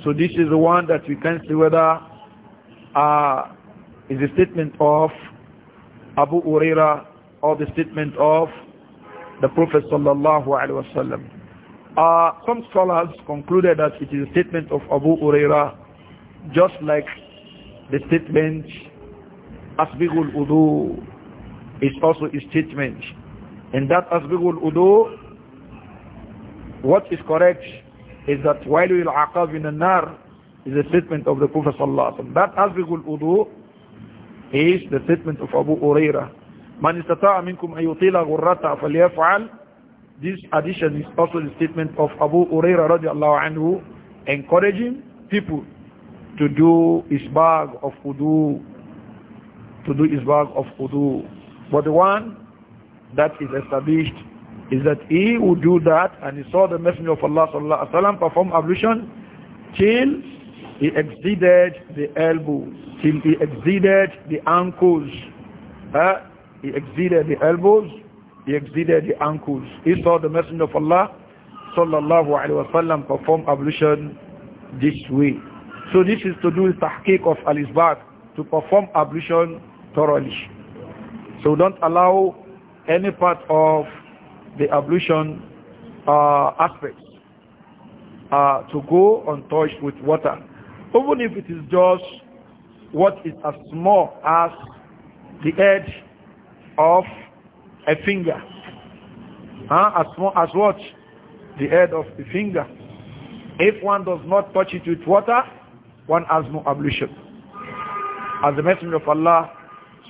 So this is the one that we can see whether uh, is a statement of Abu Uraira or the statement of the Prophet sallallahu alaihi wasallam. Uh, some scholars concluded that it is a statement of Abu Uraira, just like the statement Asbigul Udu is also a statement. In that Asbigul Udu, what is correct is that Wailu al-Aqab in nar is a statement of the Prophet sallallahu alaihi wasallam. That Asbigul Udu is the statement of Abu Uraira. Man istata'a minkum ghurrata falyaf'al. This addition is also the statement of Abu Uraira radiallahu anhu encouraging people to do isbag of wudu to do isbag of wudu but the one that is established is that he would do that and he saw the messenger of Allah sallallahu alaihi wasallam perform ablution till he exceeded the elbows till he exceeded the ankles uh, he exceeded the elbows, he exceeded the ankles. He saw the Messenger of Allah sallallahu alaihi wasallam, perform ablution this way. So this is to do with tahqiq of al-isbat, to perform ablution thoroughly. So don't allow any part of the ablution uh, aspects uh, to go untouched with water. Even if it is just what is as small as the edge of a finger. Huh? As, as what? The head of the finger. If one does not touch it with water, one has no ablution. As the Messenger of Allah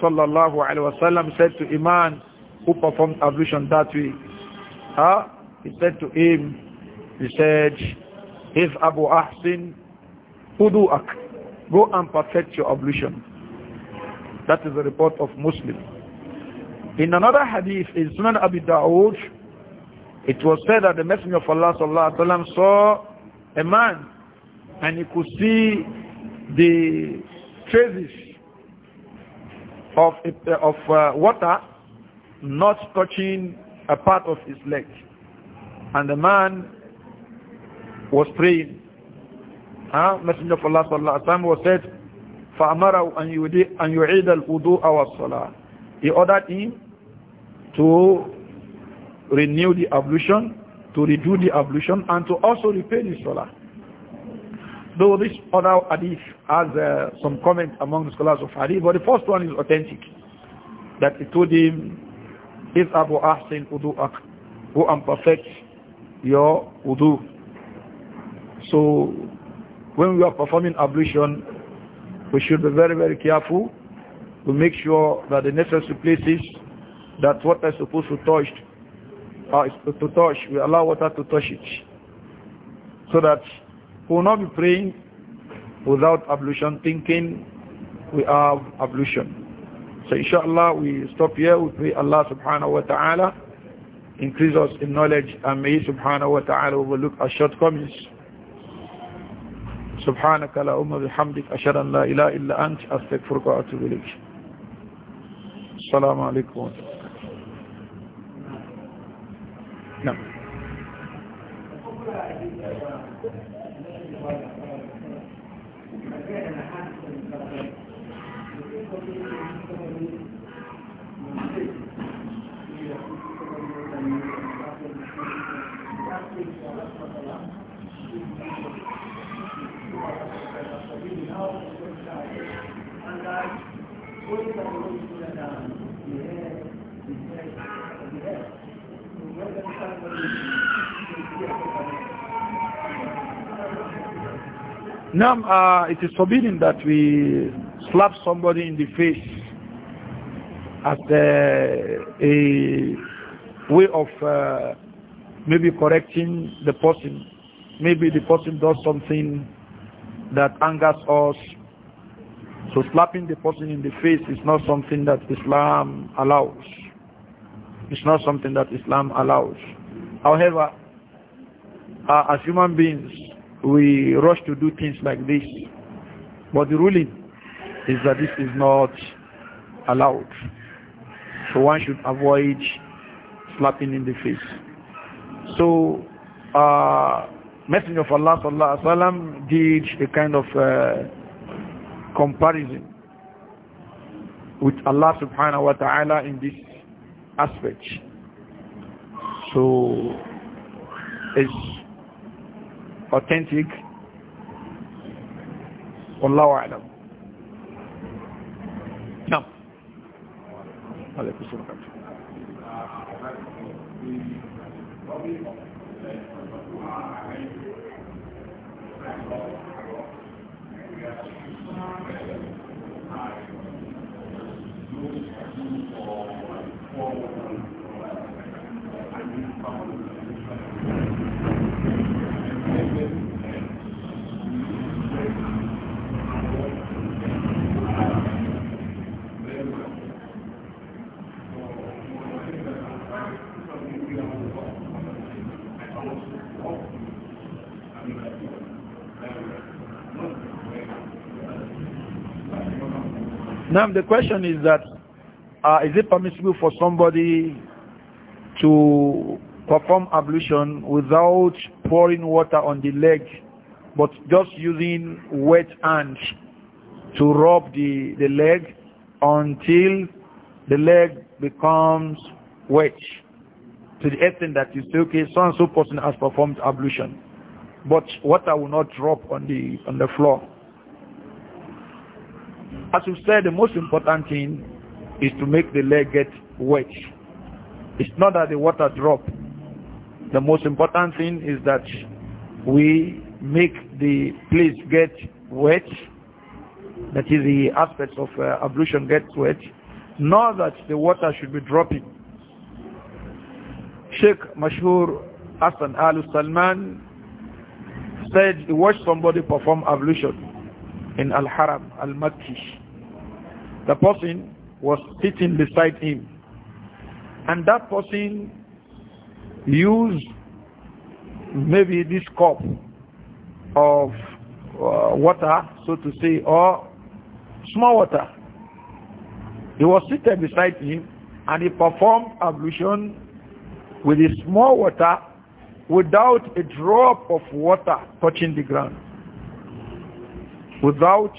sallallahu alaihi wasallam said to Iman who performed ablution that way, huh? he said to him, he said, if Abu Ahsin, Udu'ak, go and perfect your ablution. That is the report of Muslim. In another hadith in Sunan Abi Dawud, it was said that the Messenger of Allah sallallahu alaihi wasallam saw a man and he could see the traces of, of uh, water not touching a part of his leg. And the man was praying. Huh? Messenger of Allah sallallahu alaihi wasallam was said, فَأَمَرَهُ أَنْ يُعِيدَ الْوُضُوءَ وَالصَّلَاةِ He ordered him to renew the ablution, to redo the ablution, and to also repay the salah. Though this other hadith has uh, some comment among the scholars of hadith, but the first one is authentic. That it told him, is Abu Ahsin Ak, go and perfect your Udu. So when we are performing ablution, we should be very, very careful to make sure that the necessary places that water is supposed to touch, uh, to touch, we allow water to touch it. So that we will not be praying without ablution, thinking we have ablution. So inshallah we stop here, we pray Allah subhanahu wa ta'ala increase us in knowledge and may subhanahu wa ta'ala overlook our shortcomings. سبحانك لا أم بحمدك أشهد أن لا إله إلا أنت أستغفرك وأتوب إليك السلام عليكم نعم Now, uh, it is forbidden that we slap somebody in the face as uh, a way of uh, maybe correcting the person. Maybe the person does something that angers us. So slapping the person in the face is not something that Islam allows. It's not something that Islam allows. However, uh, as human beings, we rush to do things like this. But the ruling is that this is not allowed. So one should avoid slapping in the face. So, uh, Messenger of Allah sallallahu alaihi wasallam did a kind of uh, comparison with Allah subhanahu wa ta'ala in this aspect. So, it's authentic? Wallahu alam. Now. Thank you. Now the question is that uh, is it permissible for somebody to perform ablution without pouring water on the leg but just using wet hands to rub the, the leg until the leg becomes wet to the extent that you say okay so and so person has performed ablution but water will not drop on the on the floor as we said, the most important thing is to make the leg get wet. It's not that the water drop. The most important thing is that we make the place get wet. That is the aspects of uh, ablution get wet. Not that the water should be dropping. Sheikh Mashur Hassan Al Salman said he watched somebody perform ablution in Al Haram, Al Makki the person was sitting beside him. And that person used maybe this cup of uh, water, so to say, or small water. He was seated beside him and he performed ablution with a small water without a drop of water touching the ground. Without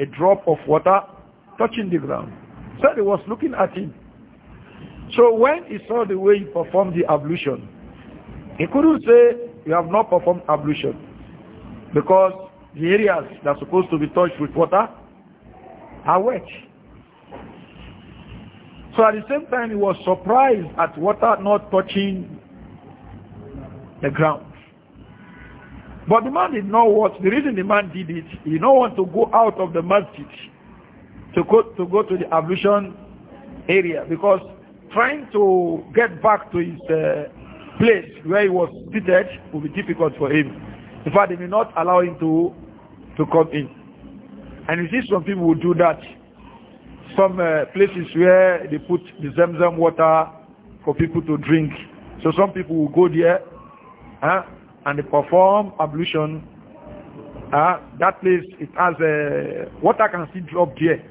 a drop of water touching the ground. So he was looking at him. So when he saw the way he performed the ablution, he couldn't say, you have not performed ablution. Because the areas that are supposed to be touched with water are wet. So at the same time, he was surprised at water not touching the ground. But the man did not what, the reason the man did it, he did not want to go out of the masjid to go to, go to the ablution area because trying to get back to his uh, place where he was seated will be difficult for him. In fact, they may not allow him to to come in. And you see some people will do that. Some uh, places where they put the zam water for people to drink. So some people will go there huh, and they perform ablution. Uh, that place, it has a, uh, water can still drop there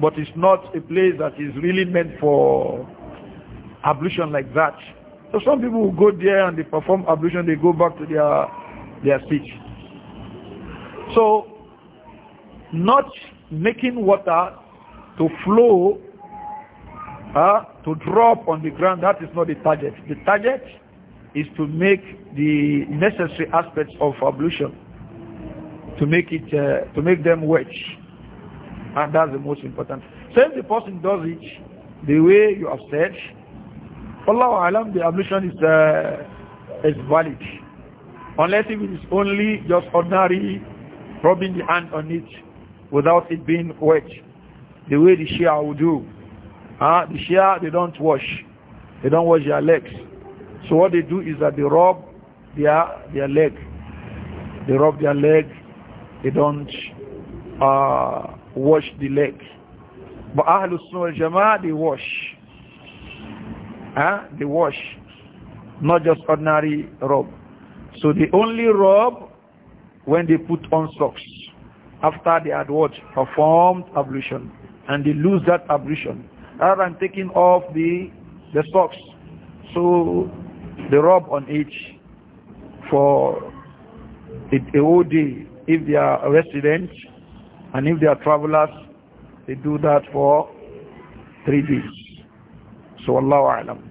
but it's not a place that is really meant for ablution like that. So some people will go there and they perform ablution, they go back to their their seat. So not making water to flow, uh, to drop on the ground, that is not the target. The target is to make the necessary aspects of ablution, to make it, uh, to make them wet. And that's the most important. Since the person does it the way you have said, Allah Alam, the ablution is, uh, is valid. Unless if it is only just ordinary rubbing the hand on it without it being wet. The way the Shia will do. Uh, the Shia, they don't wash. They don't wash their legs. So what they do is that they rub their, their leg. They rub their leg. They don't uh, wash the leg. But Ahlul Sunnah Jama'ah, they wash. Huh? They wash. Not just ordinary rub. So they only rub when they put on socks. After they had what? Performed ablution. And they lose that ablution. Rather than taking off the, the socks. So they rub on each for a, a whole day if they are residents and if they are travelers, they do that for three days. So Allah Alam.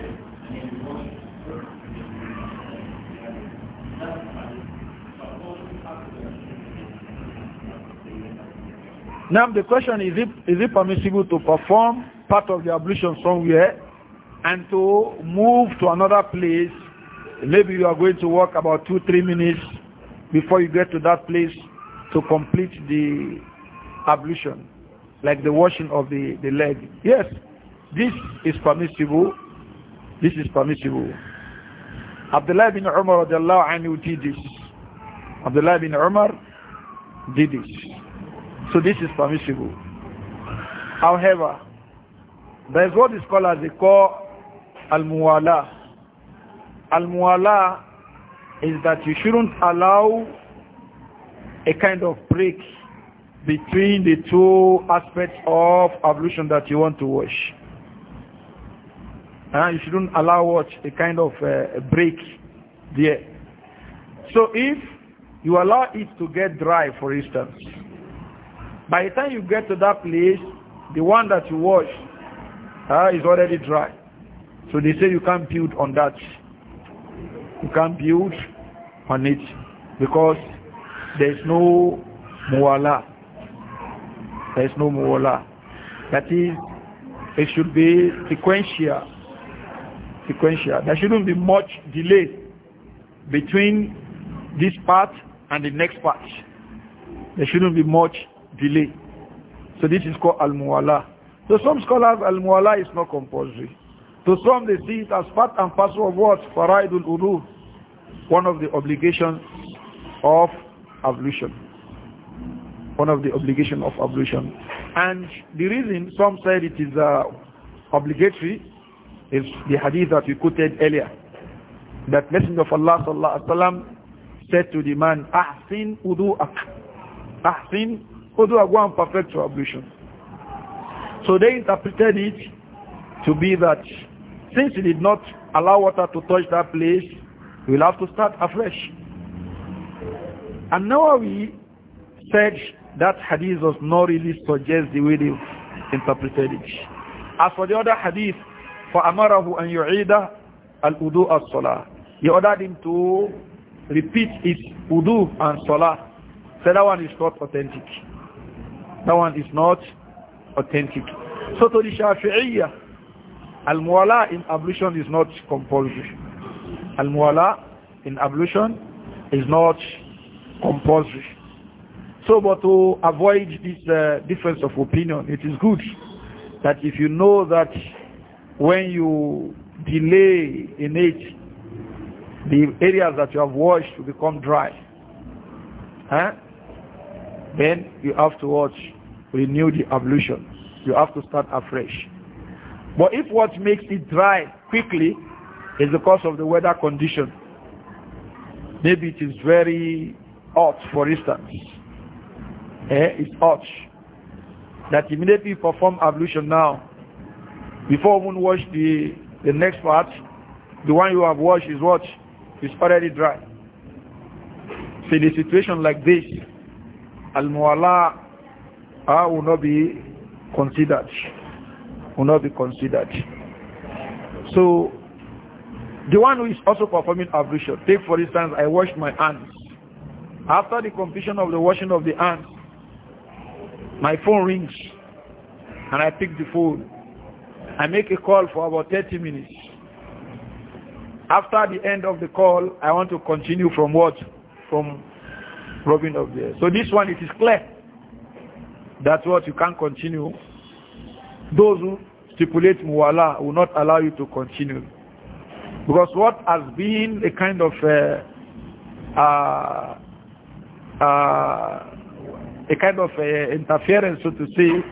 Now the question is, it, is it permissible to perform part of the ablution somewhere and to move to another place? Maybe you are going to walk about two, three minutes before you get to that place to complete the ablution, like the washing of the, the leg. Yes, this is permissible. This is permissible. Abdullah bin Umar did this. Abdullah bin Umar did this. So this is permissible. However, there is what is called as the call al-muwala. Al-muwala is that you shouldn't allow a kind of break between the two aspects of ablution that you want to wash. Uh, you shouldn't allow what a kind of uh, break there. So if you allow it to get dry, for instance, by the time you get to that place, the one that you wash uh, is already dry. So they say you can't build on that. You can't build on it because there is no muwala. There is no muwala. That is, it should be sequential. Sequential. There shouldn't be much delay between this part and the next part. There shouldn't be much delay. So this is called al-muwala. So some scholars, al-muwala is not compulsory. To some, they see it as part and parcel of what? Faraidul ulu, one of the obligations of ablution. One of the obligations of ablution. And the reason some said it is uh, obligatory is the hadith that we quoted earlier. That Messenger of Allah sallallahu alaihi wasallam said to the man, "Ahsin udu'ak, ahsin Odua go and perfect your So they interpreted it to be that since he did not allow water to touch that place, we will have to start afresh. And now we said that hadith does not really suggest the way they interpreted it. As for the other hadith, فَأَمَرَهُ أَنْ يُعِيدَ الْأُدُوءَ الصَّلَاةِ He ordered him to repeat his udu and salah. So that one is not authentic. That one is not authentic. So to the Shafi'iyya, al-muwala in ablution is not compulsory. Al-muwala in ablution is not compulsory. So but to avoid this uh, difference of opinion, it is good that if you know that when you delay in it, the areas that you have washed will become dry. Huh? then you have to watch, renew the ablution. You have to start afresh. But if what makes it dry quickly is because of the weather condition, maybe it is very hot, for instance. Eh, it's hot. That immediately perform ablution now. Before even wash the, the next part, the one you have washed is what? It's already dry. So in a situation like this, al-muwala uh, will not be considered. Will not be considered. So the one who is also performing ablution, take for instance, I wash my hands. After the completion of the washing of the hands, my phone rings and I pick the phone. I make a call for about 30 minutes. After the end of the call, I want to continue from what? From rubbing of there, So this one, it is clear. That's what you can't continue. Those who stipulate muwala will not allow you to continue. Because what has been a kind of a, uh, uh, uh, a kind of a uh, interference, so to say,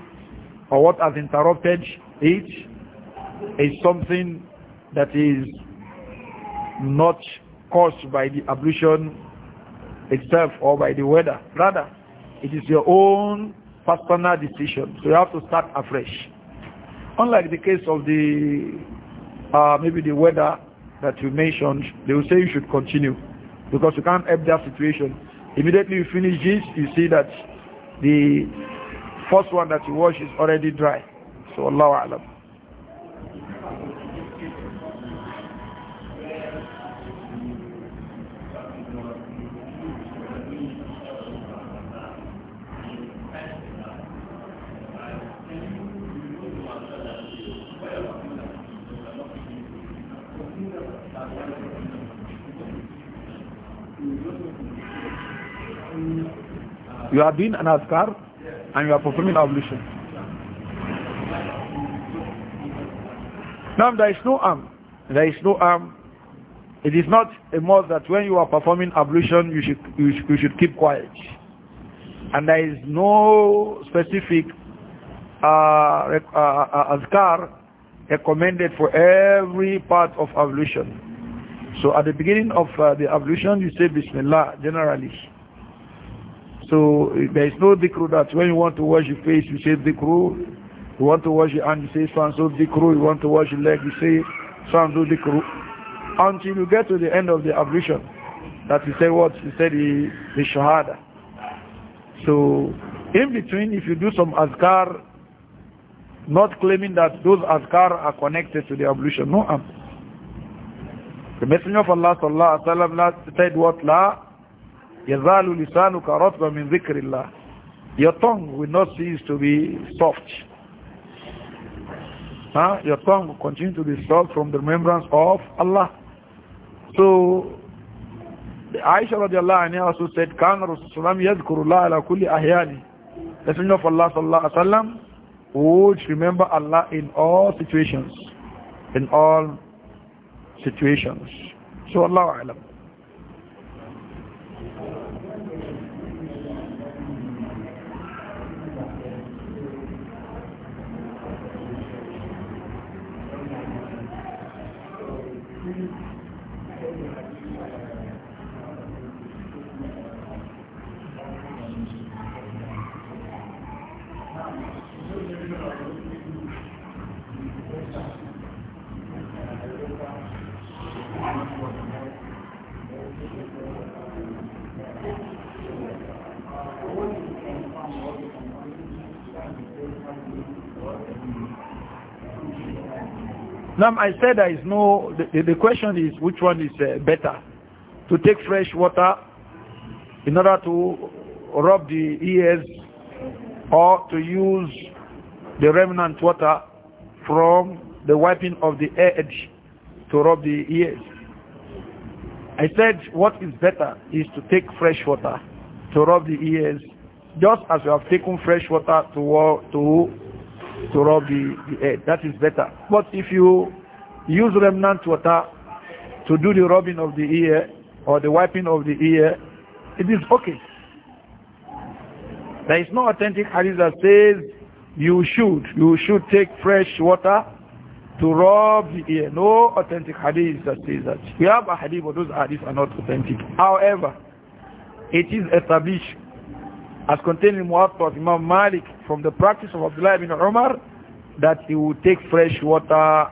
or what has interrupted it, is something that is not caused by the ablution itself or by the weather. Rather, it is your own personal decision. So you have to start afresh. Unlike the case of the, uh, maybe the weather that you mentioned, they will say you should continue because you can't help that situation. Immediately you finish this, you see that the first one that you wash is already dry. So Allah Alam. You are doing an askar and you are performing ablution. Now there is no arm. There is no arm. It is not a must that when you are performing ablution, you should, you should, you should keep quiet. And there is no specific uh, uh, uh azkar recommended for every part of ablution. So at the beginning of uh, the ablution, you say Bismillah generally. So there is no dhikru that when you want to wash your face, you say dhikru. You want to wash your hand, you say so dhikru. You want to wash your leg, you say so dhikru. Until you get to the end of the ablution. That you say what? You say the, the shahada. So in between, if you do some azkar, not claiming that those azkar are connected to the ablution. No. The Messenger of Allah sallallahu alaihi wasallam said what? La يَذَالُ لِسَانُكَ رَطْبًا مِنْ ذِكْرِ Your tongue will not cease to be soft. Huh? Your tongue will continue to be soft from the remembrance of Allah. So, Aisha radiallahu anha also said, kana رَسُولُ اللَّهِ يَذْكُرُ اللَّهَ عَلَى كُلِّ أَحْيَانِ The Messenger of Allah sallallahu alaihi wasallam would remember Allah in all situations. In all situations. So, Allah alam. Now, I said there is no, the, the question is which one is uh, better? To take fresh water in order to rub the ears or to use the remnant water from the wiping of the edge to rub the ears. I said what is better is to take fresh water to rub the ears just as we have taken fresh water to, to to rub the, the That is better. But if you use remnant water to do the rubbing of the ear or the wiping of the ear, it is okay. There is no authentic hadith that says you should, you should take fresh water to rub the ear. No authentic hadith that says that. We have a hadith, but those hadiths are not authentic. However, it is established as contained in Muwatta of Imam Malik from the practice of Abdullah ibn Umar that he would take fresh water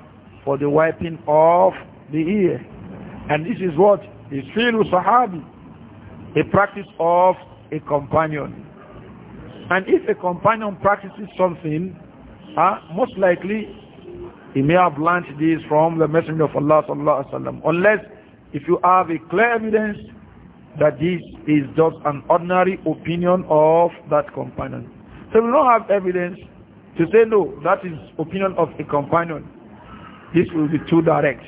for the wiping of the ear. And this is what is filu sahabi, a practice of a companion. And if a companion practices something, uh, most likely he may have learned this from the Messenger of Allah sallallahu alaihi wasallam. Unless if you have a clear evidence that this is just an ordinary opinion of that companion. So we don't have evidence to say no, that is opinion of a companion. This will be too direct.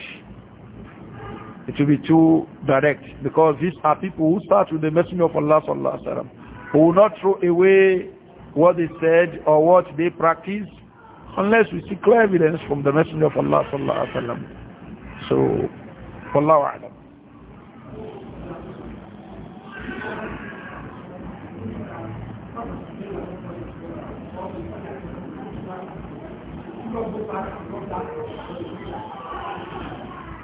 It will be too direct because these are people who start with the Messenger of Allah sallallahu alaihi wasallam who will not throw away what they said or what they practice unless we see clear evidence from the Messenger of Allah sallallahu alaihi wasallam. So, Allah a'lam.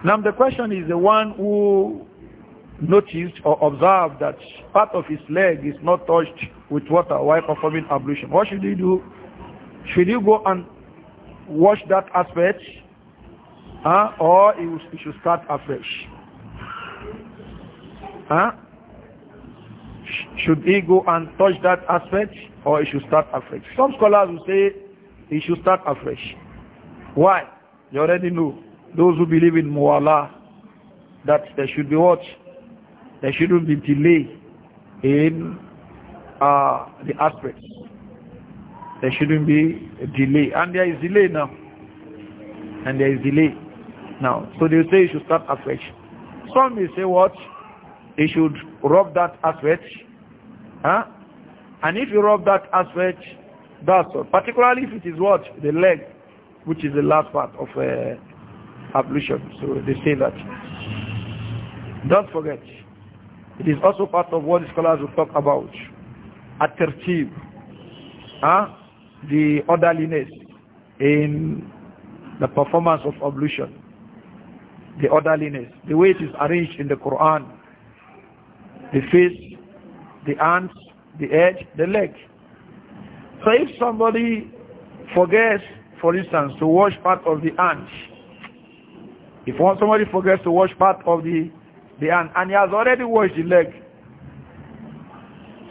Now the question is the one who noticed or observed that part of his leg is not touched with water while performing ablution. What should he do? Should he go and wash that aspect huh? or he should start afresh? Huh? Should he go and touch that aspect or he should start afresh? Some scholars will say he should start afresh. Why? You already know. Those who believe in Mu'ala, that there should be what? There shouldn't be delay in uh, the aspects. There shouldn't be delay. And there is delay now. And there is delay now. So they say you should start afresh. Some may say what? You should rub that aspect. Huh? And if you rub that aspect, that's all. Particularly if it is what? The leg, which is the last part of uh, ablution. So they say that. Don't forget, it is also part of what scholars will talk about. at huh? the orderliness in the performance of ablution. The orderliness, the way it is arranged in the Quran. The face, the arms, the head, the leg. So if somebody forgets, for instance, to wash part of the hand, if somebody forgets to wash part of the, the hand, and he has already washed the leg,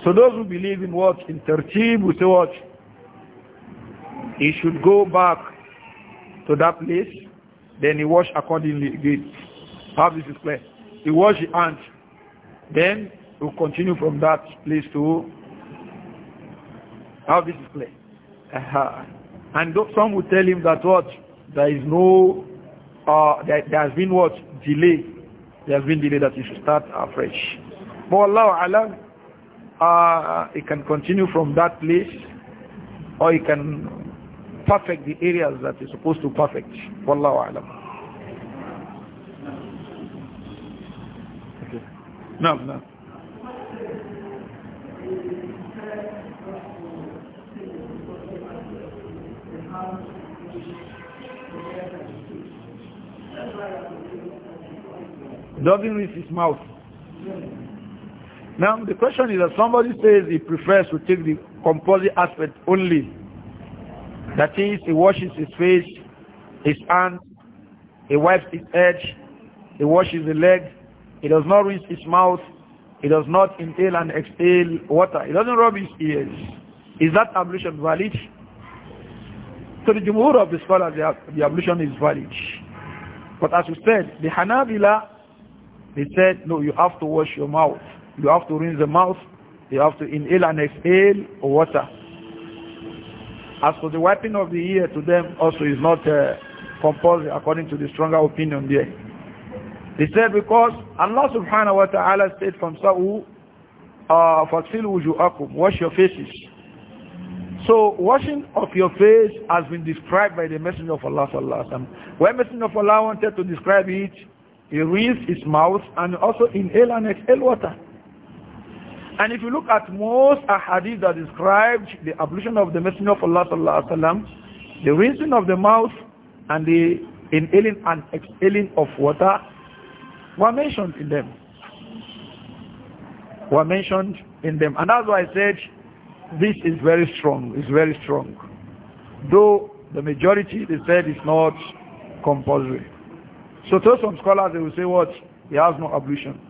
so those who believe in what? In tertib, we say what? He should go back to that place, then he wash accordingly again. How this is clear? He wash the hand, then he will continue from that place to how this is clear. Uh And some will tell him that what? There is no, uh, there, there, has been what? Delay. There has been delay that you should start afresh. But Allah Alam, uh, it can continue from that place or it can perfect the areas that is supposed to perfect. Wallahu Alam. Okay. No, no. Doesn't with his mouth. Now the question is that somebody says he prefers to take the compulsory aspect only. That is, he washes his face, his hands, he wipes his head, he washes the leg, he does not rinse his mouth, he does not inhale and exhale water, he doesn't rub his ears. Is that ablution valid? So the Jumhur of the scholars, the, the ablution is valid. But as we said, the Hanabila, they said, no, you have to wash your mouth. You have to rinse the mouth. You have to inhale and exhale water. As for the wiping of the ear to them also is not uh, compulsory according to the stronger opinion there. They said because Allah subhanahu wa ta'ala said from Sa'u, uh, Wash your faces. So washing of your face has been described by the Messenger of Allah sallallahu alaihi wasallam. When Messenger of Allah wanted to describe it, he rinsed his mouth and also inhale and exhale water. And if you look at most ahadith that described the ablution of the Messenger of Allah sallallahu alaihi wasallam, the rinsing of the mouth and the inhaling and exhaling of water were mentioned in them. Were mentioned in them, and that's why I said this is very strong, is very strong. Though the majority, they said, is not compulsory. So to some scholars, they will say what? He has no ablution.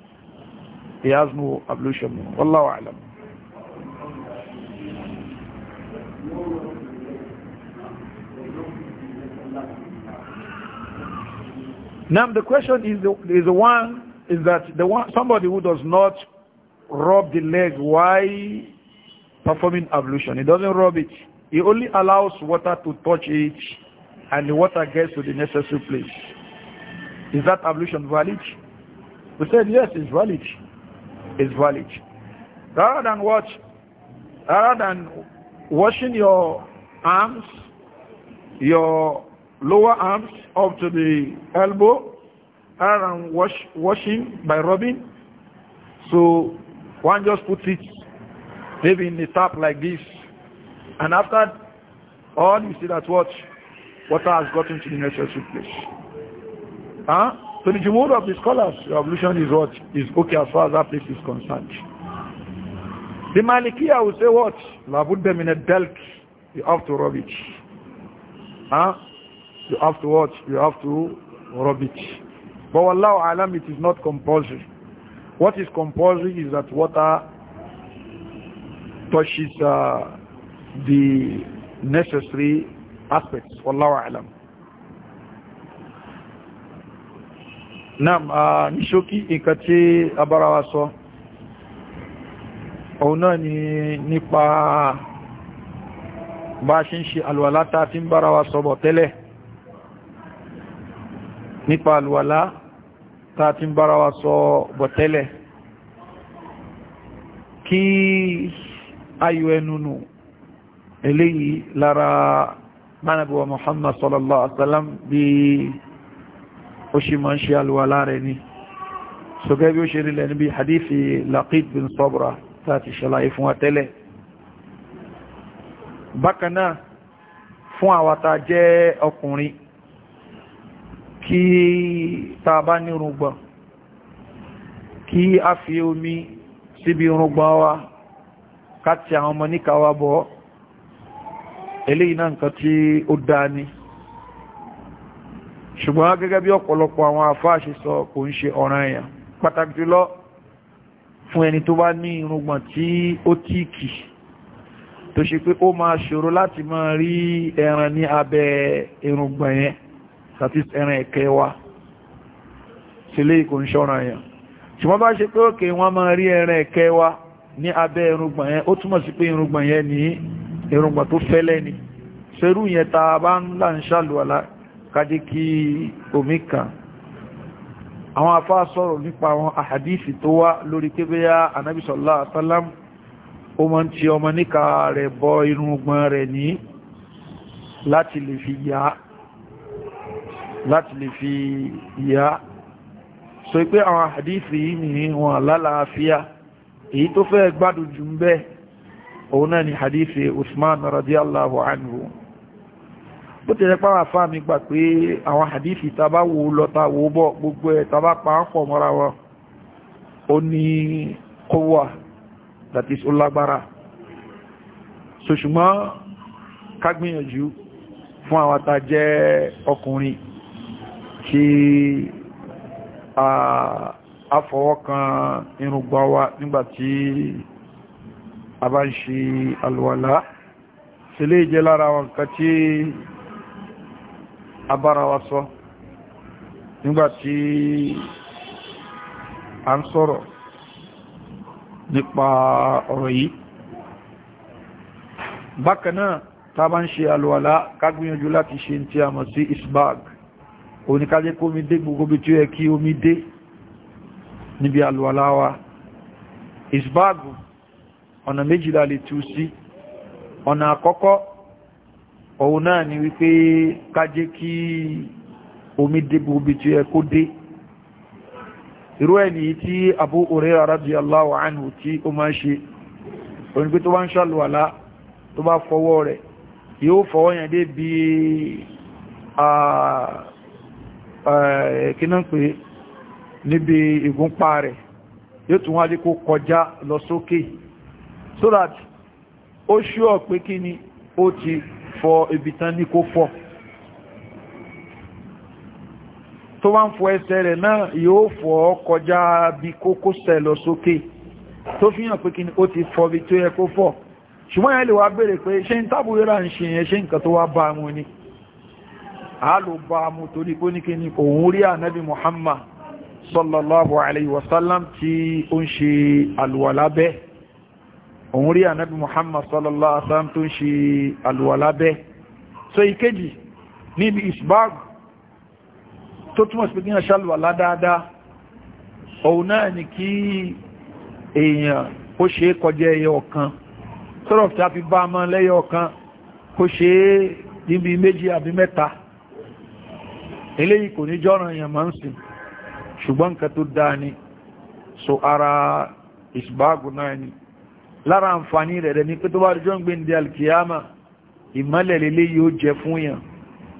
He has no ablution. Wallahu alam. Now the question is the, is the one is that the one somebody who does not rub the leg why performing ablution. it doesn't rub it. It only allows water to touch it and the water gets to the necessary place. Is that ablution valid? We said, yes, it's valid. It's valid. Rather than watch, Rather than washing your arms, your lower arms up to the elbow, rather than wash, washing by rubbing, so one just puts it maybe in the tap like this. And after all, you see that what water has gotten to the necessary place. Huh? So the word of the scholars, revolution is what is okay as far as that place is concerned. The Malikiya will say what? in a belt. You have to rub it. Huh? You have to watch. You have to rub it. But Allah alam, it is not compulsory. What is compulsory is that water touches uh, the necessary aspects. Wallahu alam. Nam ní ṣókí nǹkan tí abára wa sọ, òun náà ni nípa bá ṣe ń ṣe alwàlá ta fi ń bára wa sọ tẹ́lẹ̀. Nípa alwàlá ta fi ń bára wa sọ bọ̀ tẹ́lẹ̀. Kí ayò ẹnunù eléyìí lára mánàbíwa Muhammad sallallahu alaihi wasallam bí ó ṣe máa ń ṣe alùwàlá rẹ̀ ni ṣùgbẹ́ bí ó ṣe rílẹ̀ níbi hadithi Laqit bin Sabra láti ṣàlàyé fún wa tẹ́lẹ̀ bákanáà fún àwàta jẹ́ ọkùnrin kí ta bá ní rúgbọ̀n kí a fi omi síbi rúgbọ̀n wa káti àwọn ọmọ níkàwà bọ́ eléyìí náà nǹkan tí ó dáa ní ṣùgbọ́n gẹ́gẹ́ bí ọ̀pọ̀lọpọ̀ àwọn àfáà ṣe sọ kò ń ṣe ọ̀ràn èèyàn pàtàkì jùlọ fún ẹni tó bá ní irùngbọ̀n tí ó tíìkì tó ṣe pé ó máa ṣòro láti máa rí ẹran ní abẹ́ irùngbọ̀n yẹn àti ẹran ẹ̀kẹ́ wa sílé kò èèyàn ṣùgbọ́n bá ṣe pé òkè wọn máa rí ẹran ẹ̀kẹ́ wa ní abẹ́ irùngbọ̀n yẹn ó túmọ̀ sí pé irùngbọ̀n yẹn ní irùngbọ̀n tó fẹ́lẹ́ ni ṣerú yẹn ta bá ń là ń ṣàlùwàlá kájí kí omi kan àwọn afá sọ̀rọ̀ nípa àwọn àhàdíìsì tó wá lórí pé bóyá ànábì sallallahu alaihi wasallam ó mọ́ ń ti ọmọ níka rẹ̀ bọ irùngbọ̀n rẹ̀ ní láti lè fi yá láti lè fi yá so pé àwọn àhàdíìsì yìí ni wọn lálàáfíà èyí tó fẹ́ gbádùn jù ń bẹ́ òun náà ni hadithi usman radiyallahu anhu bó ti rẹpá wà fáà mi gbà pé àwọn hadithi tàbá wo lọ́ta wo bọ́ gbogbo ẹ̀ tàbá pa ń pọ̀ mọ́ra wọn ó ní kọwà that is lágbára so ṣùgbọ́n ká fún àwọn tá jẹ́ ọkùnrin kí a ah, afọwọ́kan irùngbọ̀n wa nígbàtí a bá ń ṣe alwàlá sílé ìjẹ́ lára wọn kan tí a bára wa sọ nígbàtí a ń sọ̀rọ̀ nípa ọ̀rọ̀ yìí bákanáà ta bá ń ṣe alwàlá kágbìyànjú láti ṣe tí a mọ̀ sí isbag oníkájẹ́ kó mi dé gbogbo bí tí ó yẹ kí omi dé níbi alùwàláwà ìsbáàgù ọ̀nà méjìlá lè tú sí ọ̀nà àkọ́kọ́ ọ̀hun náà ni wípé kájé kí omi dé gbogbo tí ẹ kó dé irú ẹni tí Abu Hurairah radiyallahu anhu tí ó máa ṣe onígbé tó bá ń ṣàlùwàlá tó bá fọwọ́ rẹ̀ yóò fọwọ́ yẹn dé bí kíná pé níbi ìgúnpá rẹ̀ yóò tún wá lé kó kọjá lọ sókè so that ó ṣúọ̀ pé kí ni ó ti fọ ibi tán ní kó fọ́ tó wá ń fọ ẹsẹ̀ rẹ̀ náà yóò fọ́ kọjá bí kókósẹ̀ lọ sókè tó fi hàn pé kí ni ó ti fọ́ bí tó yẹ kó fọ́ ṣùgbọ́n yẹn lè wá béèrè pé ṣe ń tábúrẹ́rà ń ṣe yẹn ṣe nǹkan tó wá bá mu ni a lò bá mu torí pé ní kí ni òun rí ànábì Muhammad sallallahu alayhi wa sallam tí ó ń ṣe alwalabẹ́ òun rí ànábì muhammad sallallahu alayhi wa sallam tó ń ṣe alwalabẹ́ so ìkejì níbi isbag tó túnmọ̀ sí pé kíyàn ṣàlùwàlá dáadáa òun náà ni kí èèyàn ó ṣe kọjá ẹyọ ọ̀kan sọ́rọ̀ tí a fi bá mọ́ lẹ́yọ ọ̀kan kó ṣe níbi méjì àbí mẹ́ta eléyìí kò ní jọ́ràn èèyàn máa ń sìn ṣùgbọ́n nǹkan tó dáa ni so ara ìṣbáàgù náà ni lára àǹfààní rẹ̀ rẹ̀ ní pé tó bá dìjọ́ ń gbé ní alkiyama ìmọ́lẹ̀ lélé yóò jẹ fún yàn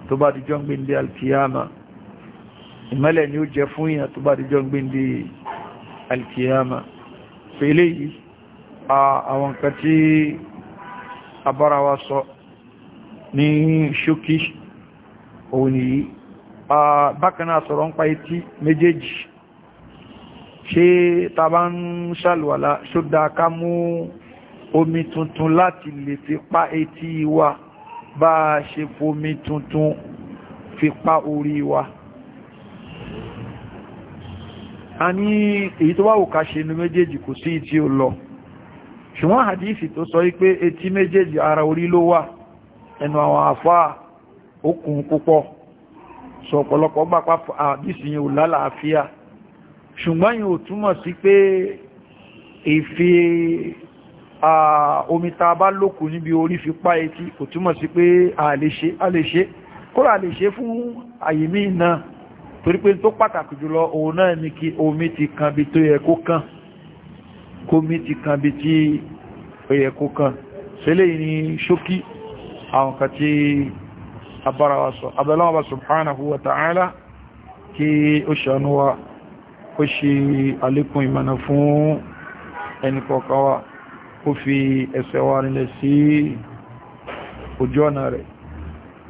tó bá dìjọ́ ń gbé ní alkiyama ìmọ́lẹ̀ ni ó jẹ fún yàn tó bá dìjọ́ ń gbé ní alkiyama pẹ̀lẹ́ yìí àwọn nǹkan tí abára sọ ní ṣókí òun yìí bákanáà sọ̀rọ̀ ń pa etí méjèèjì ṣe tàbá ń ṣàlùwàlá ṣódá ká mú omi tuntun láti lè fi pa etí wa bá ṣe fomi tuntun fi pa orí wa a ní èyí tó wá òkà ṣe inú méjèèjì kò sí ìtí ò lọ ṣùgbọ́n hadithi tó sọ wípé etí méjèèjì ara orí ló wà ẹnu àwọn àfáà ó kùn púpọ̀ sọ ọ̀pọ̀lọpọ̀ gbà pa àdísì yìí ò lálàáfíà ṣùgbọ́n yìí ò túmọ̀ sí pé ìfi omi ta bá lókù níbi orí fi pá etí ò túmọ̀ sí pé a lè ṣe kóra lè ṣe fún àyèmí náà torí pé tó pàtàkì jùlọ òun náà ni kí omi ti kan bí tó yẹ kó kan kómi ti kan bí tí ó yẹ kó kan ṣẹlẹ̀ yìí ni ṣókí àwọn kan abára wa sọ abẹ́lọ́wọ́ subhanahu wa ta'ala kí ó ṣàánú wa ó ṣe àlékún ìmọ̀nà fún ẹnìkọ̀ọ̀kan wa ó fi ẹsẹ̀ wa rinlẹ̀ sí ojú ọ̀nà rẹ̀